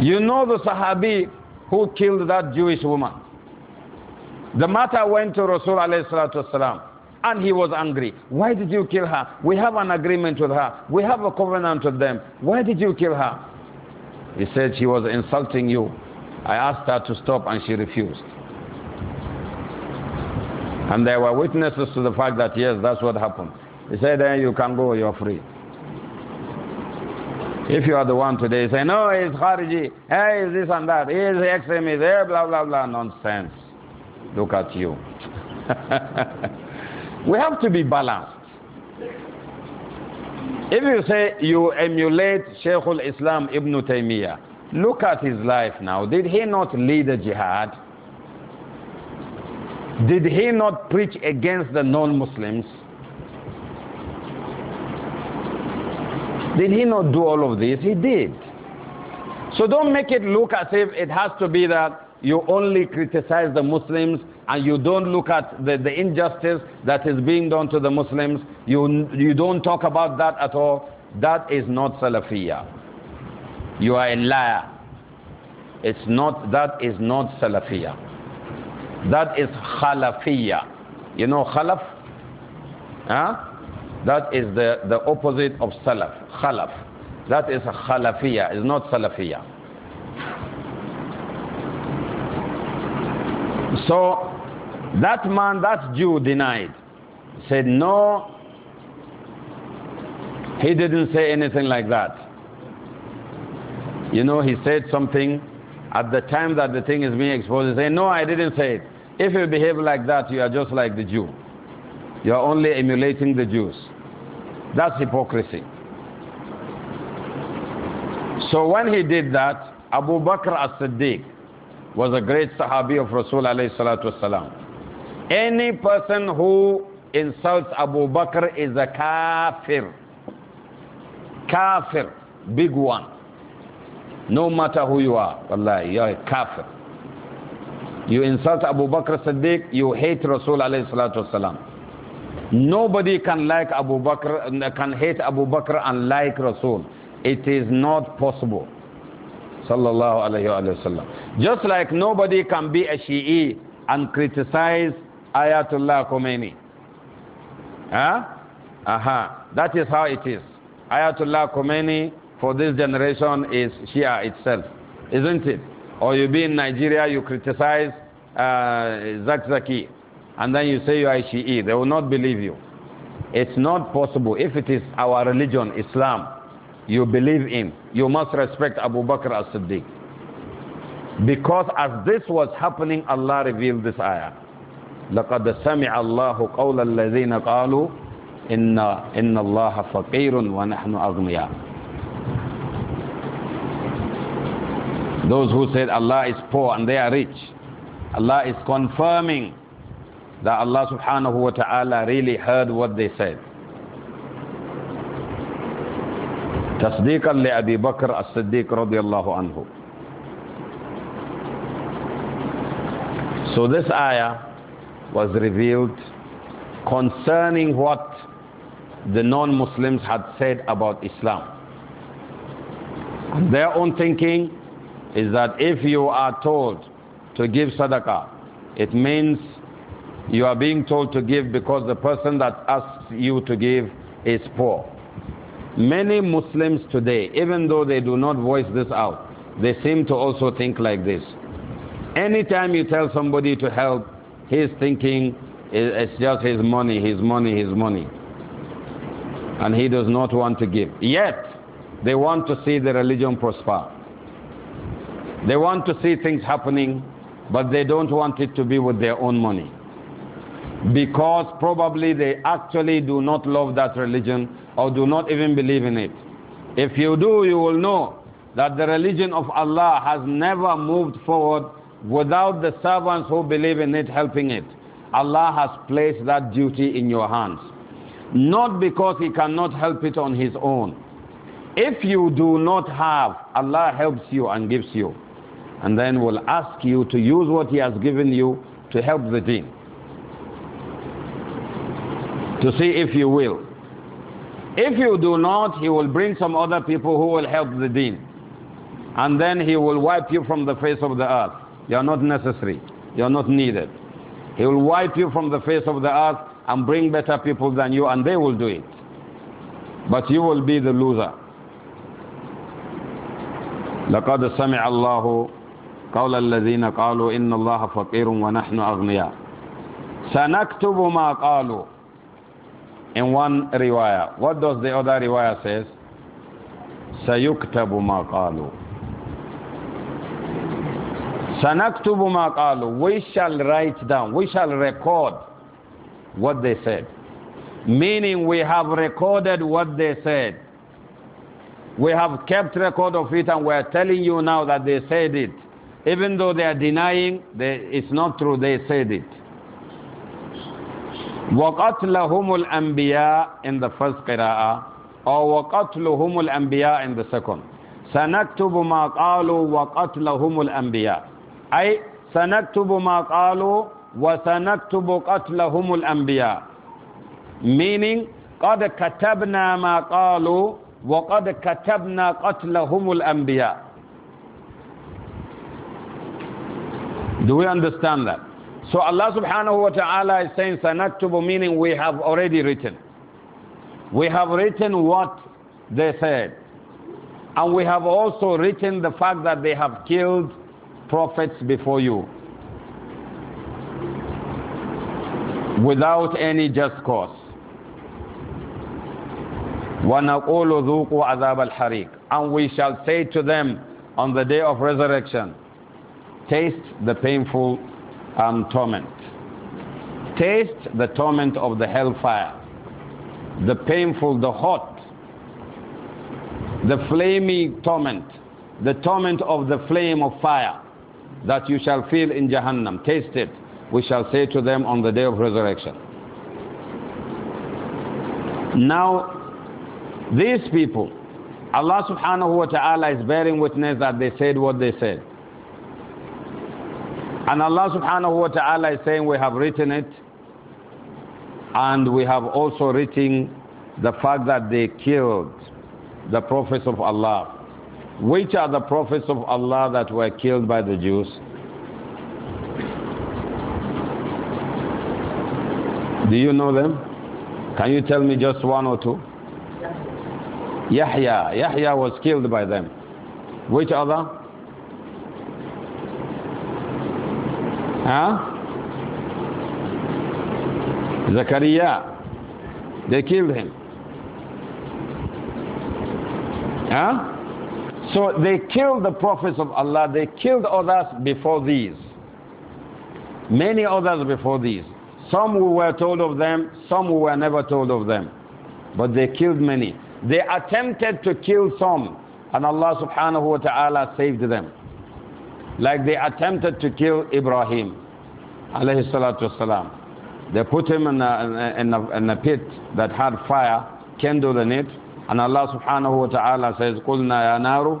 You know the Sahabi who killed that Jewish woman. The matter went to Rasul alayhi salatu wasalam and he was angry. Why did you kill her? We have an agreement with her. We have a covenant with them. Why did you kill her? He said, She was insulting you. I asked her to stop and she refused. And there were witnesses to the fact that, yes, that's what happened. He said, Then you can go, you're free. If you are the one today, say, No, he's Khariji, hey, this and that, he's extremist, hey, blah, blah, blah, nonsense. Look at you. We have to be balanced. If you say you emulate sheik al-Islam Ibn Taymiyyah, look at his life now. Did he not lead a jihad? Did he not preach against the non-Muslims? Did he not do all of this? He did. So don't make it look as if it has to be that you only criticize the Muslims and you don't look at the, the injustice that is being done to the Muslims, you, you don't talk about that at all, that is not Salafiyah. You are a liar. It's not, that is not Salafiyah. That is Khalafiyah. You know Khalaf? Huh? That is the, the opposite of Salaf. Khalaf. That is Khalafiyah. It's not Salafiyah. So that man, that Jew, denied. Said, No, he didn't say anything like that. You know, he said something at the time that the thing is being exposed. He said, No, I didn't say it. If you behave like that, you are just like the Jew. You are only emulating the Jews. That's hypocrisy. So when he did that, Abu Bakr as Siddiq was a great Sahabi of Rasul alayhi salatu wasalam. Any person who insults Abu Bakr is a kafir. Kafir, big one. No matter who you are, Allah, you're a kafir. You insult Abu Bakr Siddiq, you hate Rasul alayhi salatu wasalam. Nobody can like Abu Bakr, can hate Abu Bakr and like Rasul. It is not possible. Sallallahu alayhi wa Just like nobody can be a Shi'i and criticize Ayatullah Khomeini. Huh? Aha. That is how it is. Ayatollah Khomeini for this generation is Shia itself, isn't it? Or you be in Nigeria, you criticize uh, Zakzaki, and then you say you are Shi'i. They will not believe you. It's not possible. If it is our religion, Islam, you believe in, you must respect Abu Bakr as Siddiq. Because as this was happening, Allah revealed this ayah. لقد سمع الله قول الذين قالوا إن, إن الله فقير ونحن أغنياء Those who said Allah is poor and they are rich, Allah is confirming that Allah subhanahu wa ta'ala really heard what they said. تصديقا لأبي بكر الصديق رضي الله عنه. So this ayah was revealed concerning what the non-Muslims had said about Islam. And their own thinking is that if you are told to give sadaqah, it means you are being told to give because the person that asks you to give is poor. Many Muslims today, even though they do not voice this out, they seem to also think like this. Anytime you tell somebody to help, He's thinking it's just his money, his money, his money. And he does not want to give. Yet, they want to see the religion prosper. They want to see things happening, but they don't want it to be with their own money. Because probably they actually do not love that religion or do not even believe in it. If you do, you will know that the religion of Allah has never moved forward without the servants who believe in it helping it. Allah has placed that duty in your hands. Not because He cannot help it on His own. If you do not have, Allah helps you and gives you. And then will ask you to use what He has given you to help the deen. To see if you will. If you do not, He will bring some other people who will help the deen. And then He will wipe you from the face of the earth. You are not necessary. You are not needed. He will wipe you from the face of the earth and bring better people than you, and they will do it. But you will be the loser. لقد سمع الله قول الذين قالوا إن الله فقير ونحن أغنياء سنكتب ما قالوا in one riwayah what does the other riwayah says سيكتب ما قالوا Sanaktubu ma qalu. We shall write down. We shall record what they said. Meaning we have recorded what they said. We have kept record of it and we are telling you now that they said it. Even though they are denying, they, it's not true, they said it. وَقَتْلَهُمُ الْأَنْبِيَاء in the first qira'ah or وَقَتْلُهُمُ الْأَنْبِيَاء in the second. سَنَكْتُبُ مَا قَالُوا وَقَتْلَهُمُ الْأَنْبِيَاء أي سنكتب ما قالوا وسنكتب قتلهم الأنبياء meaning قد كتبنا ما قالوا وقد كتبنا قتلهم الأنبياء Do we understand that? So Allah subhanahu wa ta'ala is saying sanaktubu meaning we have already written. We have written what they said. And we have also written the fact that they have killed prophets before you without any just cause. وَنَقُولُ ذُوقُوا عَذَابَ الْحَرِيقِ And we shall say to them on the day of resurrection, taste the painful um, torment. Taste the torment of the hellfire, the painful, the hot, the flaming torment, the torment of the flame of fire that you shall feel in Jahannam. Taste it. We shall say to them on the day of resurrection. Now, these people, Allah subhanahu wa ta'ala is bearing witness that they said what they said. And Allah subhanahu wa ta'ala is saying, We have written it, and we have also written the fact that they killed the prophets of Allah which are the prophets of Allah that were killed by the Jews? Do you know them? Can you tell me just one or two? Yahya. Yahya was killed by them. Which other? Huh? Zakaria. They killed him. Huh? So they killed the prophets of Allah, they killed others before these. Many others before these. Some who were told of them, some who were never told of them. But they killed many. They attempted to kill some, and Allah subhanahu wa ta'ala saved them. Like they attempted to kill Ibrahim, alayhi salatu wasalam. They put him in a, in, a, in a pit that had fire, kindled in it, and Allah subhanahu wa ta'ala says, قُلْنَا يَا نَارُ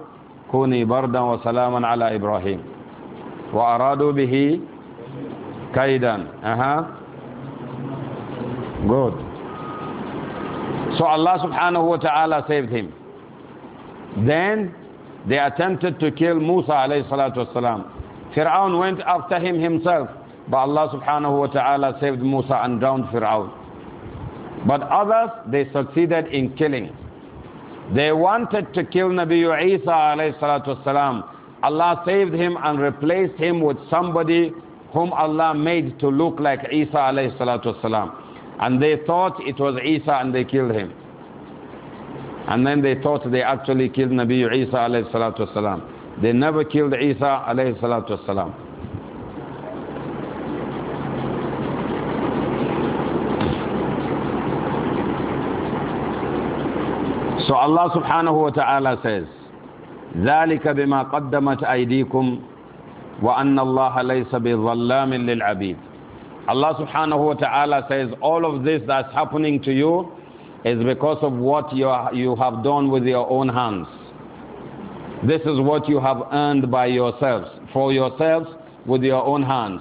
كُونِي بَرْدًا وَسَلَامًا عَلَى إِبْرَاهِيمَ وَأَرَادُوا بِهِ كَيْدًا Good. So Allah subhanahu wa ta'ala saved him. Then they attempted to kill Musa alayhi salatu wasalam. Fir'aun went after him himself. But Allah subhanahu wa ta'ala saved Musa and drowned Fir'aun. But others, they succeeded in killing. They wanted to kill Nabi Isa alayhi Allah saved him and replaced him with somebody whom Allah made to look like Isa alayhi salatu And they thought it was Isa and they killed him. And then they thought they actually killed Nabi Isa alayhi salatu They never killed Isa alayhi salatu So Allah subhanahu wa ta'ala says, ذَلِكَ بِمَا قَدَّمَتْ أَيْدِيكُمْ وَأَنَّ اللَّهَ لَيْسَ بِظَلَّامٍ لِلْعَبِيدِ Allah subhanahu wa ta'ala says, all of this that's happening to you is because of what you, are, you have done with your own hands. This is what you have earned by yourselves, for yourselves, with your own hands.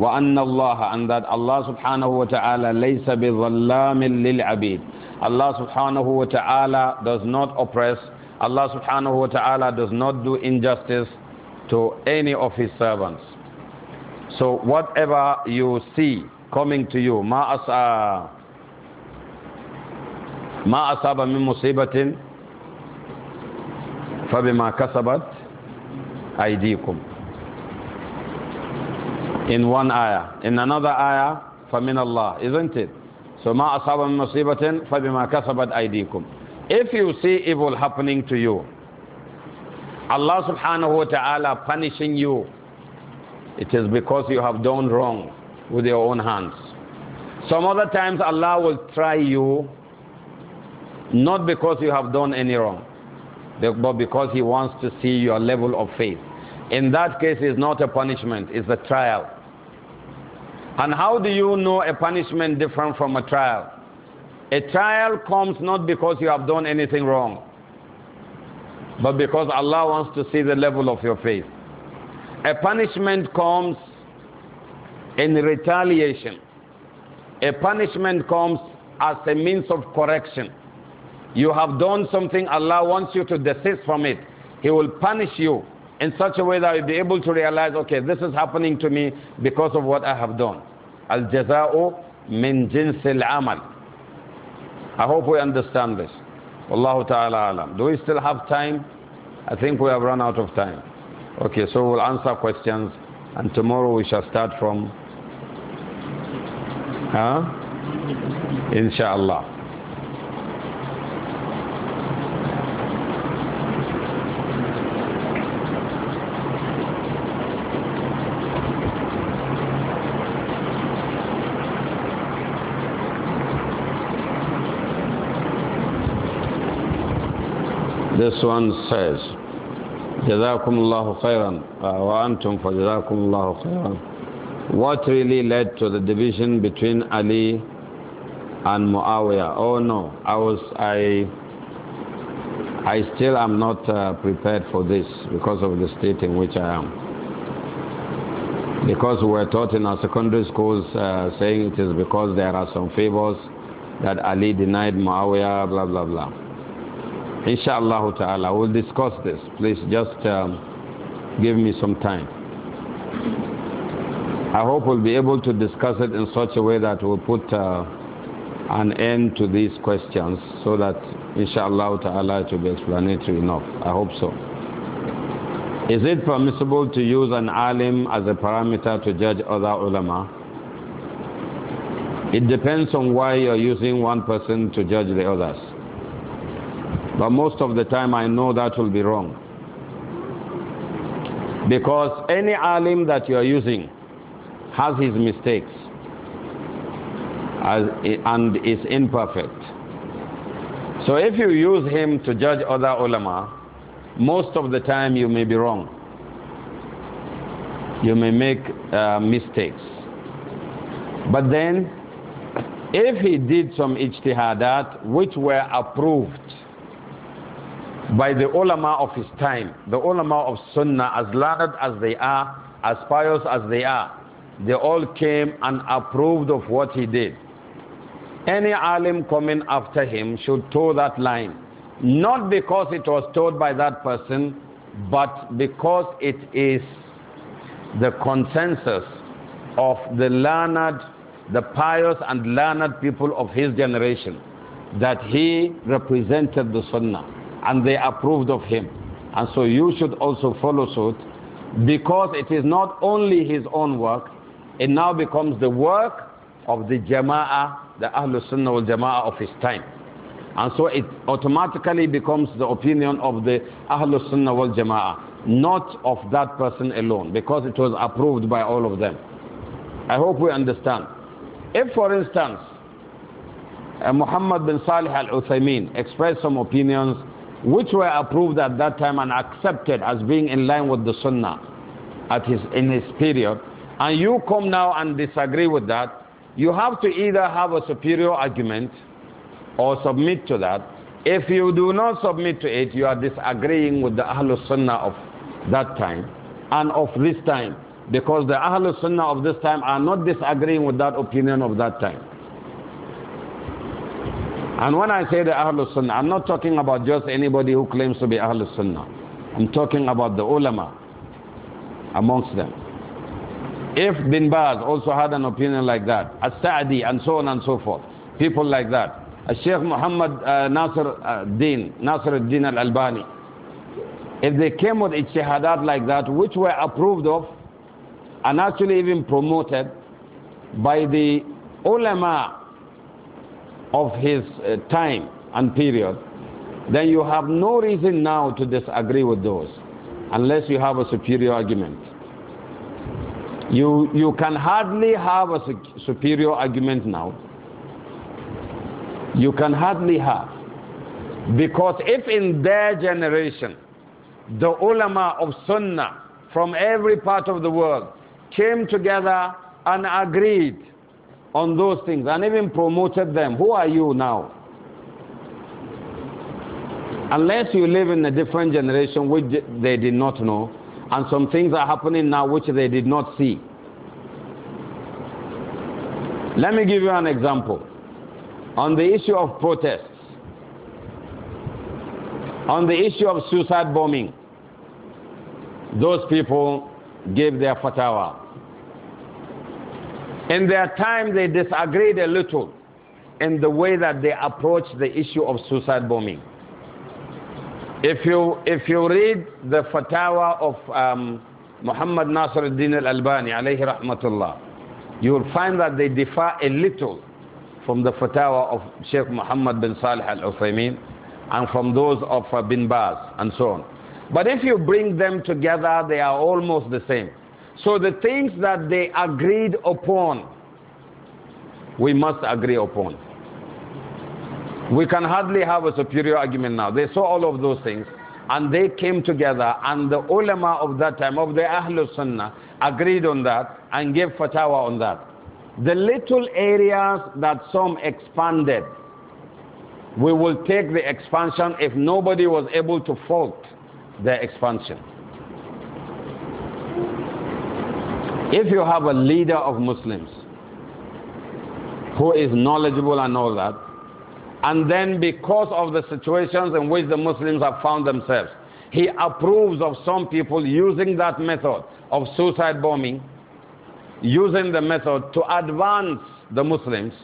وَأَنَّ اللَّهَ And that Allah subhanahu wa ta'ala لَيْسَ بِظَلَّامٍ لِلْعَبِيدِ Allah subhanahu wa ta'ala does not oppress. Allah subhanahu wa ta'ala does not do injustice to any of his servants. So whatever you see coming to you, ما أصاب ما أصاب من مصيبة فبما كسبت أيديكم. In one ayah. In another ayah, famin Allah, Isn't it? So ma asaba مصيبة فبما كسبت أيديكم. If you see evil happening to you, Allah subhanahu wa ta'ala punishing you, it is because you have done wrong with your own hands. Some other times Allah will try you not because you have done any wrong, but because He wants to see your level of faith. In that case, it's not a punishment, it's a trial. And how do you know a punishment different from a trial? A trial comes not because you have done anything wrong, but because Allah wants to see the level of your faith. A punishment comes in retaliation. A punishment comes as a means of correction. You have done something, Allah wants you to desist from it. He will punish you in such a way that I'll be able to realize, okay, this is happening to me because of what I have done. Al jaza'u min jinsil amal. I hope we understand this. Wallahu ta'ala alam. Do we still have time? I think we have run out of time. Okay, so we'll answer questions and tomorrow we shall start from. Huh? Inshallah. This one says, جزاكم الله خيرا وأنتم فجزاكم الله خيرا. What really led to the division between Ali and Muawiyah? Oh no, I was I I still am not uh, prepared for this because of the state in which I am. Because we were taught in our secondary schools uh, saying it is because there are some favors that Ali denied Muawiyah, blah blah blah. Insha'Allah ta'ala, we'll discuss this. Please just um, give me some time. I hope we'll be able to discuss it in such a way that we'll put uh, an end to these questions so that inshallah ta'ala it will be explanatory enough. I hope so. Is it permissible to use an alim as a parameter to judge other ulama? It depends on why you're using one person to judge the others. But most of the time I know that will be wrong. Because any alim that you are using has his mistakes as, and is imperfect. So if you use him to judge other ulama, most of the time you may be wrong. You may make uh, mistakes. But then, if he did some ijtihadat which were approved by the ulama of his time, the ulama of Sunnah, as learned as they are, as pious as they are, they all came and approved of what he did. Any alim coming after him should toe that line, not because it was told by that person, but because it is the consensus of the learned, the pious and learned people of his generation that he represented the Sunnah and they approved of him. And so you should also follow suit because it is not only his own work, it now becomes the work of the Jama'ah, the Ahlul Sunnah wal Jama'ah of his time. And so it automatically becomes the opinion of the Ahlul Sunnah wal Jama'ah, not of that person alone, because it was approved by all of them. I hope we understand. If, for instance, uh, Muhammad bin Salih al Uthaymeen expressed some opinions which were approved at that time and accepted as being in line with the Sunnah at his, in his period, and you come now and disagree with that, you have to either have a superior argument or submit to that. If you do not submit to it, you are disagreeing with the Ahlul Sunnah of that time and of this time because the Ahlul Sunnah of this time are not disagreeing with that opinion of that time. And when I say the Ahlul Sunnah, I'm not talking about just anybody who claims to be Ahlul Sunnah. I'm talking about the ulama amongst them. If Bin Baz also had an opinion like that, As-Sa'di and so on and so forth, people like that, Sheikh Muhammad Nasr uh, Nasir uh, Din, Nasir Din Al Albani, if they came with ijtihadat like that, which were approved of and actually even promoted by the ulama of his uh, time and period, then you have no reason now to disagree with those unless you have a superior argument. You, you can hardly have a superior argument now. You can hardly have. Because if in their generation the ulama of sunnah from every part of the world came together and agreed on those things and even promoted them, who are you now? Unless you live in a different generation which they did not know, and some things are happening now which they did not see. Let me give you an example. On the issue of protests, on the issue of suicide bombing, those people gave their fatwa. In their time, they disagreed a little in the way that they approached the issue of suicide bombing. If you, if you read the fatwa of um, Muhammad Nasr al-Din al-Albani, alayhi rahmatullah, you will find that they differ a little from the fatwa of Sheikh Muhammad bin Salih al-Uthaymeen and from those of uh, bin Baz and so on. But if you bring them together, they are almost the same. So the things that they agreed upon, we must agree upon. We can hardly have a superior argument now. They saw all of those things and they came together and the ulama of that time, of the Ahlul Sunnah, agreed on that and gave fatwa on that. The little areas that some expanded, we will take the expansion if nobody was able to fault their expansion. If you have a leader of Muslims who is knowledgeable and all that, and then because of the situations in which the Muslims have found themselves, he approves of some people using that method of suicide bombing, using the method to advance the Muslims,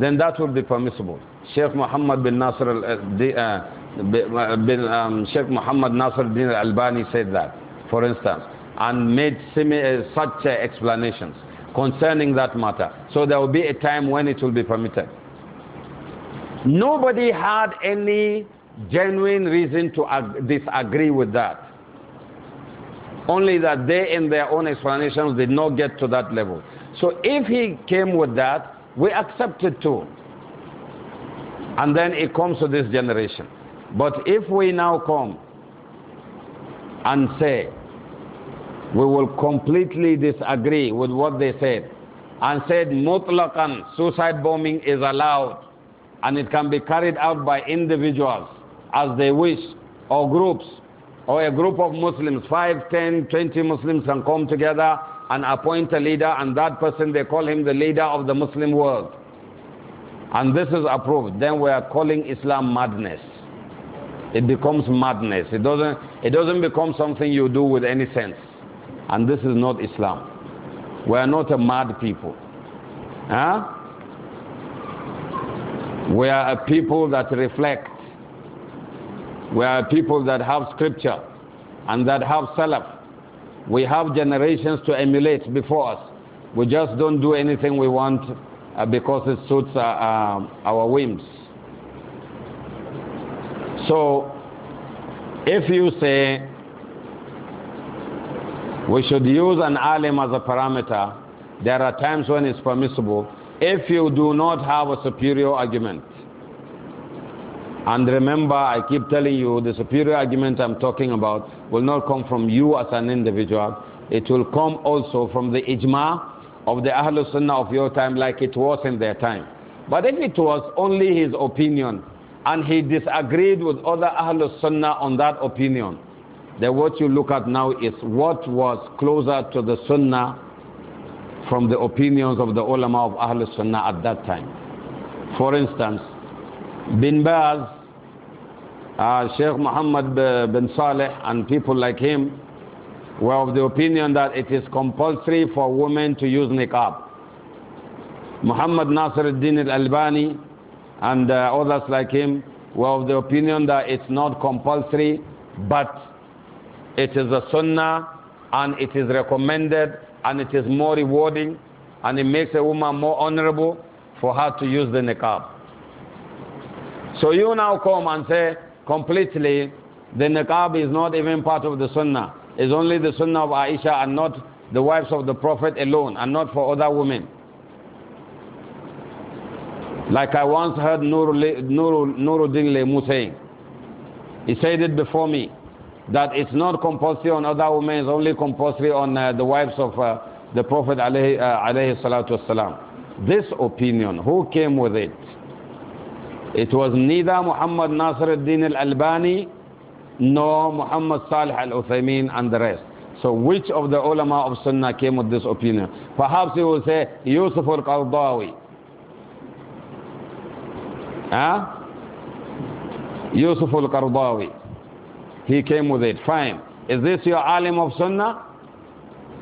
then that would be permissible. Sheikh Muhammad bin Nasr uh, uh, uh, bin, um, Sheikh Muhammad Nasr bin Albani said that, for instance and made eh, such eh, explanations concerning that matter. So there will be a time when it will be permitted. Nobody had any genuine reason to disagree with that. Only that they, in their own explanations, did not get to that level. So if he came with that, we accepted too. And then it comes to this generation. But if we now come and say, we will completely disagree with what they said and said mutlaqan suicide bombing is allowed and it can be carried out by individuals as they wish or groups or a group of Muslims, 5, 10, 20 Muslims can come together and appoint a leader and that person they call him the leader of the Muslim world. And this is approved. Then we are calling Islam madness. It becomes madness. It doesn't, it doesn't become something you do with any sense. And this is not Islam. We are not a mad people. Huh? We are a people that reflect. We are a people that have scripture and that have salaf. We have generations to emulate before us. We just don't do anything we want uh, because it suits uh, uh, our whims. So, if you say we should use an alim as a parameter. There are times when it's permissible if you do not have a superior argument. And remember, I keep telling you, the superior argument I'm talking about will not come from you as an individual. It will come also from the ijma of the Ahlul Sunnah of your time, like it was in their time. But if it was only his opinion, and he disagreed with other Ahlul Sunnah on that opinion, that what you look at now is what was closer to the Sunnah from the opinions of the ulama of Ahl Sunnah at that time. For instance, Bin Baz, uh, Sheikh Muhammad bin Saleh, and people like him were of the opinion that it is compulsory for women to use niqab. Muhammad Nasir al-Din al-Albani and uh, others like him were of the opinion that it's not compulsory, but it is a sunnah and it is recommended and it is more rewarding and it makes a woman more honorable for her to use the niqab. So you now come and say completely the niqab is not even part of the sunnah. It's only the sunnah of Aisha and not the wives of the Prophet alone and not for other women. Like I once heard Nuruddin Lemu saying, he said it before me that it's not compulsory on other women, it's only compulsory on uh, the wives of uh, the Prophet alayhi, uh, alayhi salatu This opinion, who came with it? It was neither Muhammad Nasr al-Din al-Albani nor Muhammad Salih al-Uthaymeen and the rest. So which of the ulama of Sunnah came with this opinion? Perhaps you will say Yusuf al-Qardawi. Huh? Yusuf al-Qardawi. He came with it. Fine. Is this your alim of sunnah?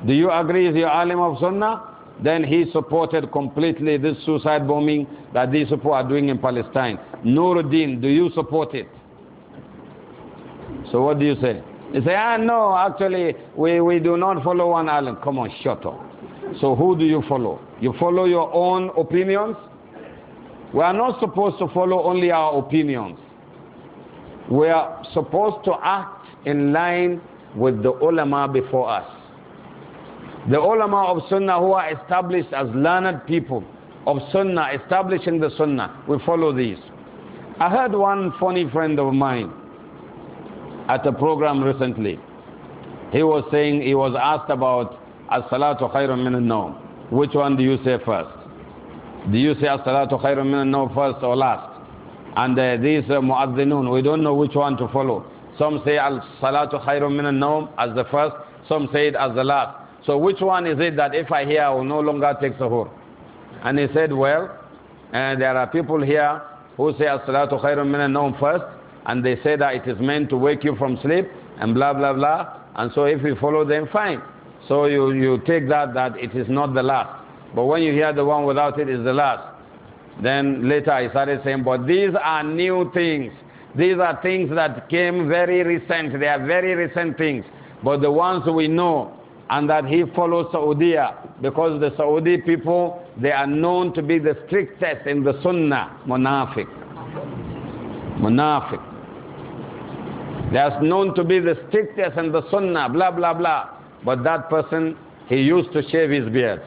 Do you agree is your alim of sunnah? Then he supported completely this suicide bombing that these people are doing in Palestine. Nuruddin, do you support it? So what do you say? You say, ah, no, actually, we, we do not follow one alim. Come on, shut up. So who do you follow? You follow your own opinions? We are not supposed to follow only our opinions we are supposed to act in line with the ulama before us. The ulama of sunnah who are established as learned people of sunnah, establishing the sunnah, we follow these. I heard one funny friend of mine at a program recently. He was saying, he was asked about As-salatu khairun min al-nawm. Which one do you say first? Do you say As-salatu khairun min al-nawm first or last? And uh, these uh, muaddinun, we don't know which one to follow. Some say al-salatu khairun min al-nawm as the first, some say it as the last. So which one is it that if I hear, I will no longer take sahur? And he said, well, uh, there are people here who say al salatu khairun min al-nawm first, and they say that it is meant to wake you from sleep, and blah, blah, blah. And so if you follow them, fine. So you, you take that, that it is not the last. But when you hear the one without it is the last. Then later I started saying, but these are new things. These are things that came very recent. They are very recent things. But the ones we know, and that he follows Saudi because the Saudi people, they are known to be the strictest in the Sunnah, Munafiq. Munafiq. They are known to be the strictest in the Sunnah, blah, blah, blah. But that person, he used to shave his beard.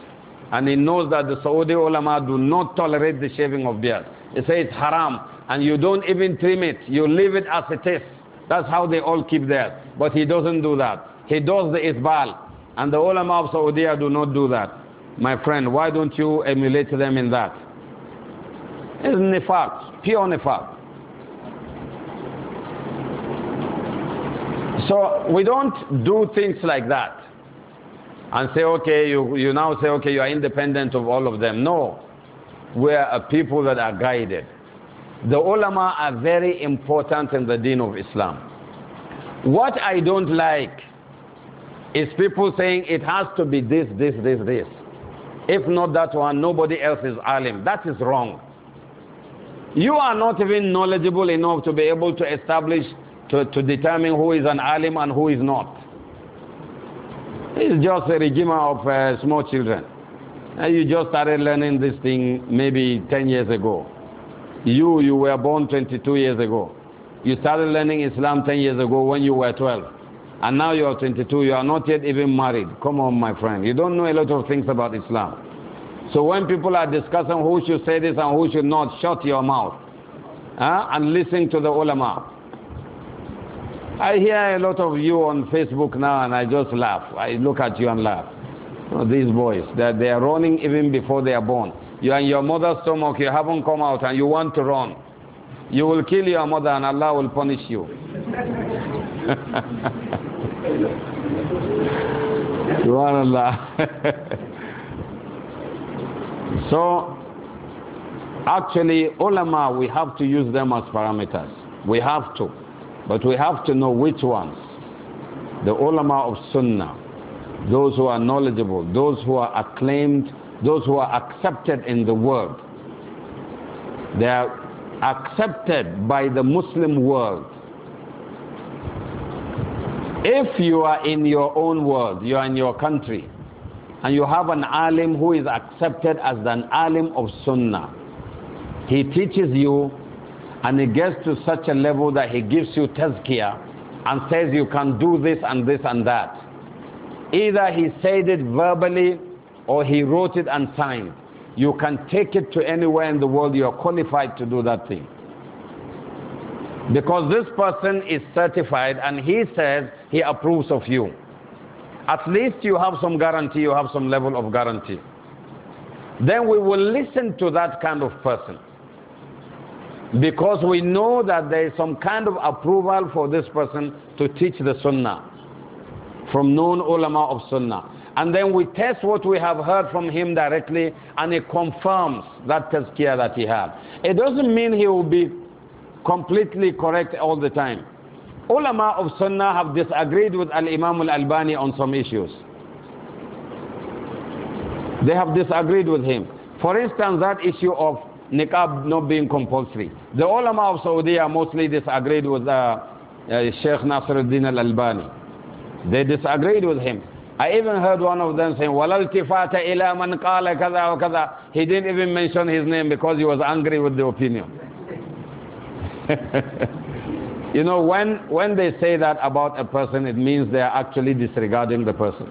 And he knows that the Saudi ulama do not tolerate the shaving of beard. They say it's haram and you don't even trim it. You leave it as it is. That's how they all keep theirs. But he doesn't do that. He does the isbal. And the ulama of Saudi do not do that. My friend, why don't you emulate them in that? It's nifaq, pure nifaq. So we don't do things like that and say, okay, you, you now say, okay, you are independent of all of them. No, we are a people that are guided. The ulama are very important in the deen of Islam. What I don't like is people saying it has to be this, this, this, this. If not that one, nobody else is alim. That is wrong. You are not even knowledgeable enough to be able to establish, to, to determine who is an alim and who is not. It's just a regime of uh, small children. And uh, you just started learning this thing maybe 10 years ago. You, you were born 22 years ago. You started learning Islam 10 years ago when you were 12. And now you are 22. You are not yet even married. Come on, my friend. You don't know a lot of things about Islam. So when people are discussing who should say this and who should not, shut your mouth. Uh, and listen to the ulama. I hear a lot of you on Facebook now and I just laugh. I look at you and laugh. these boys, that they are running even before they are born. You are in your mother's stomach, you haven't come out and you want to run. You will kill your mother and Allah will punish you. SubhanAllah. so, actually, ulama, we have to use them as parameters. We have to. But we have to know which ones. The ulama of sunnah, those who are knowledgeable, those who are acclaimed, those who are accepted in the world. They are accepted by the Muslim world. If you are in your own world, you are in your country, and you have an alim who is accepted as an alim of sunnah, he teaches you and he gets to such a level that he gives you tazkiyah and says you can do this and this and that. Either he said it verbally or he wrote it and signed. You can take it to anywhere in the world you are qualified to do that thing. Because this person is certified and he says he approves of you. At least you have some guarantee, you have some level of guarantee. Then we will listen to that kind of person. Because we know that there is some kind of approval for this person to teach the Sunnah from known ulama of Sunnah. And then we test what we have heard from him directly and it confirms that tazkiyah that he had. It doesn't mean he will be completely correct all the time. Ulama of Sunnah have disagreed with Al Imam Al Albani on some issues. They have disagreed with him. For instance, that issue of niqab not being compulsory. The ulama of Saudi are mostly disagreed with uh, uh, Sheikh Nasruddin al-Albani. They disagreed with him. I even heard one of them saying, وَلَا ila man مَنْ kaza كَذَا وَكَذَا He didn't even mention his name because he was angry with the opinion. you know, when, when they say that about a person, it means they are actually disregarding the person.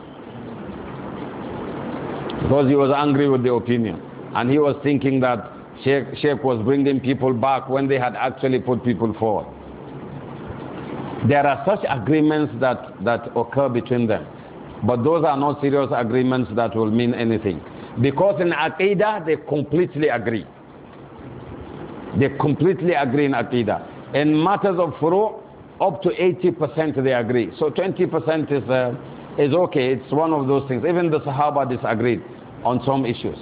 Because he was angry with the opinion. And he was thinking that Sheikh, Sheikh was bringing people back when they had actually put people forward. There are such agreements that, that occur between them, but those are not serious agreements that will mean anything. Because in Aqidah, they completely agree. They completely agree in Aqidah. In matters of furu, up to 80% they agree. So 20% is, uh, is okay. It's one of those things. Even the Sahaba disagreed on some issues.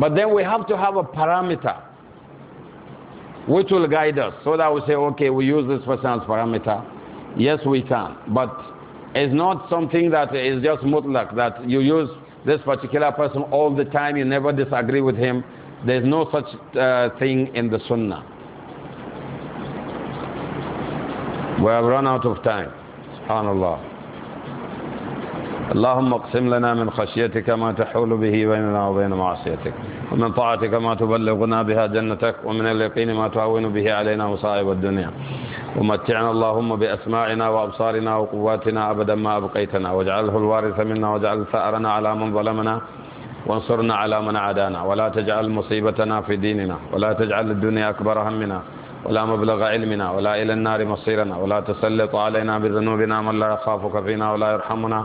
But then we have to have a parameter which will guide us so that we say, okay, we use this person's parameter. Yes, we can. But it's not something that is just mutlak, that you use this particular person all the time, you never disagree with him. There's no such uh, thing in the sunnah. We have run out of time. SubhanAllah. اللهم اقسم لنا من خشيتك ما تحول به بيننا وبين معصيتك ومن طاعتك ما تبلغنا بها جنتك ومن اليقين ما تعون به علينا مصائب الدنيا ومتعنا اللهم بأسماعنا وأبصارنا وقواتنا أبدا ما أبقيتنا واجعله الوارث منا واجعل ثأرنا على من ظلمنا وانصرنا على من عادانا ولا تجعل مصيبتنا في ديننا ولا تجعل الدنيا أكبر همنا ولا مبلغ علمنا ولا إلى النار مصيرنا ولا تسلط علينا بذنوبنا من لا يخافك فينا ولا يرحمنا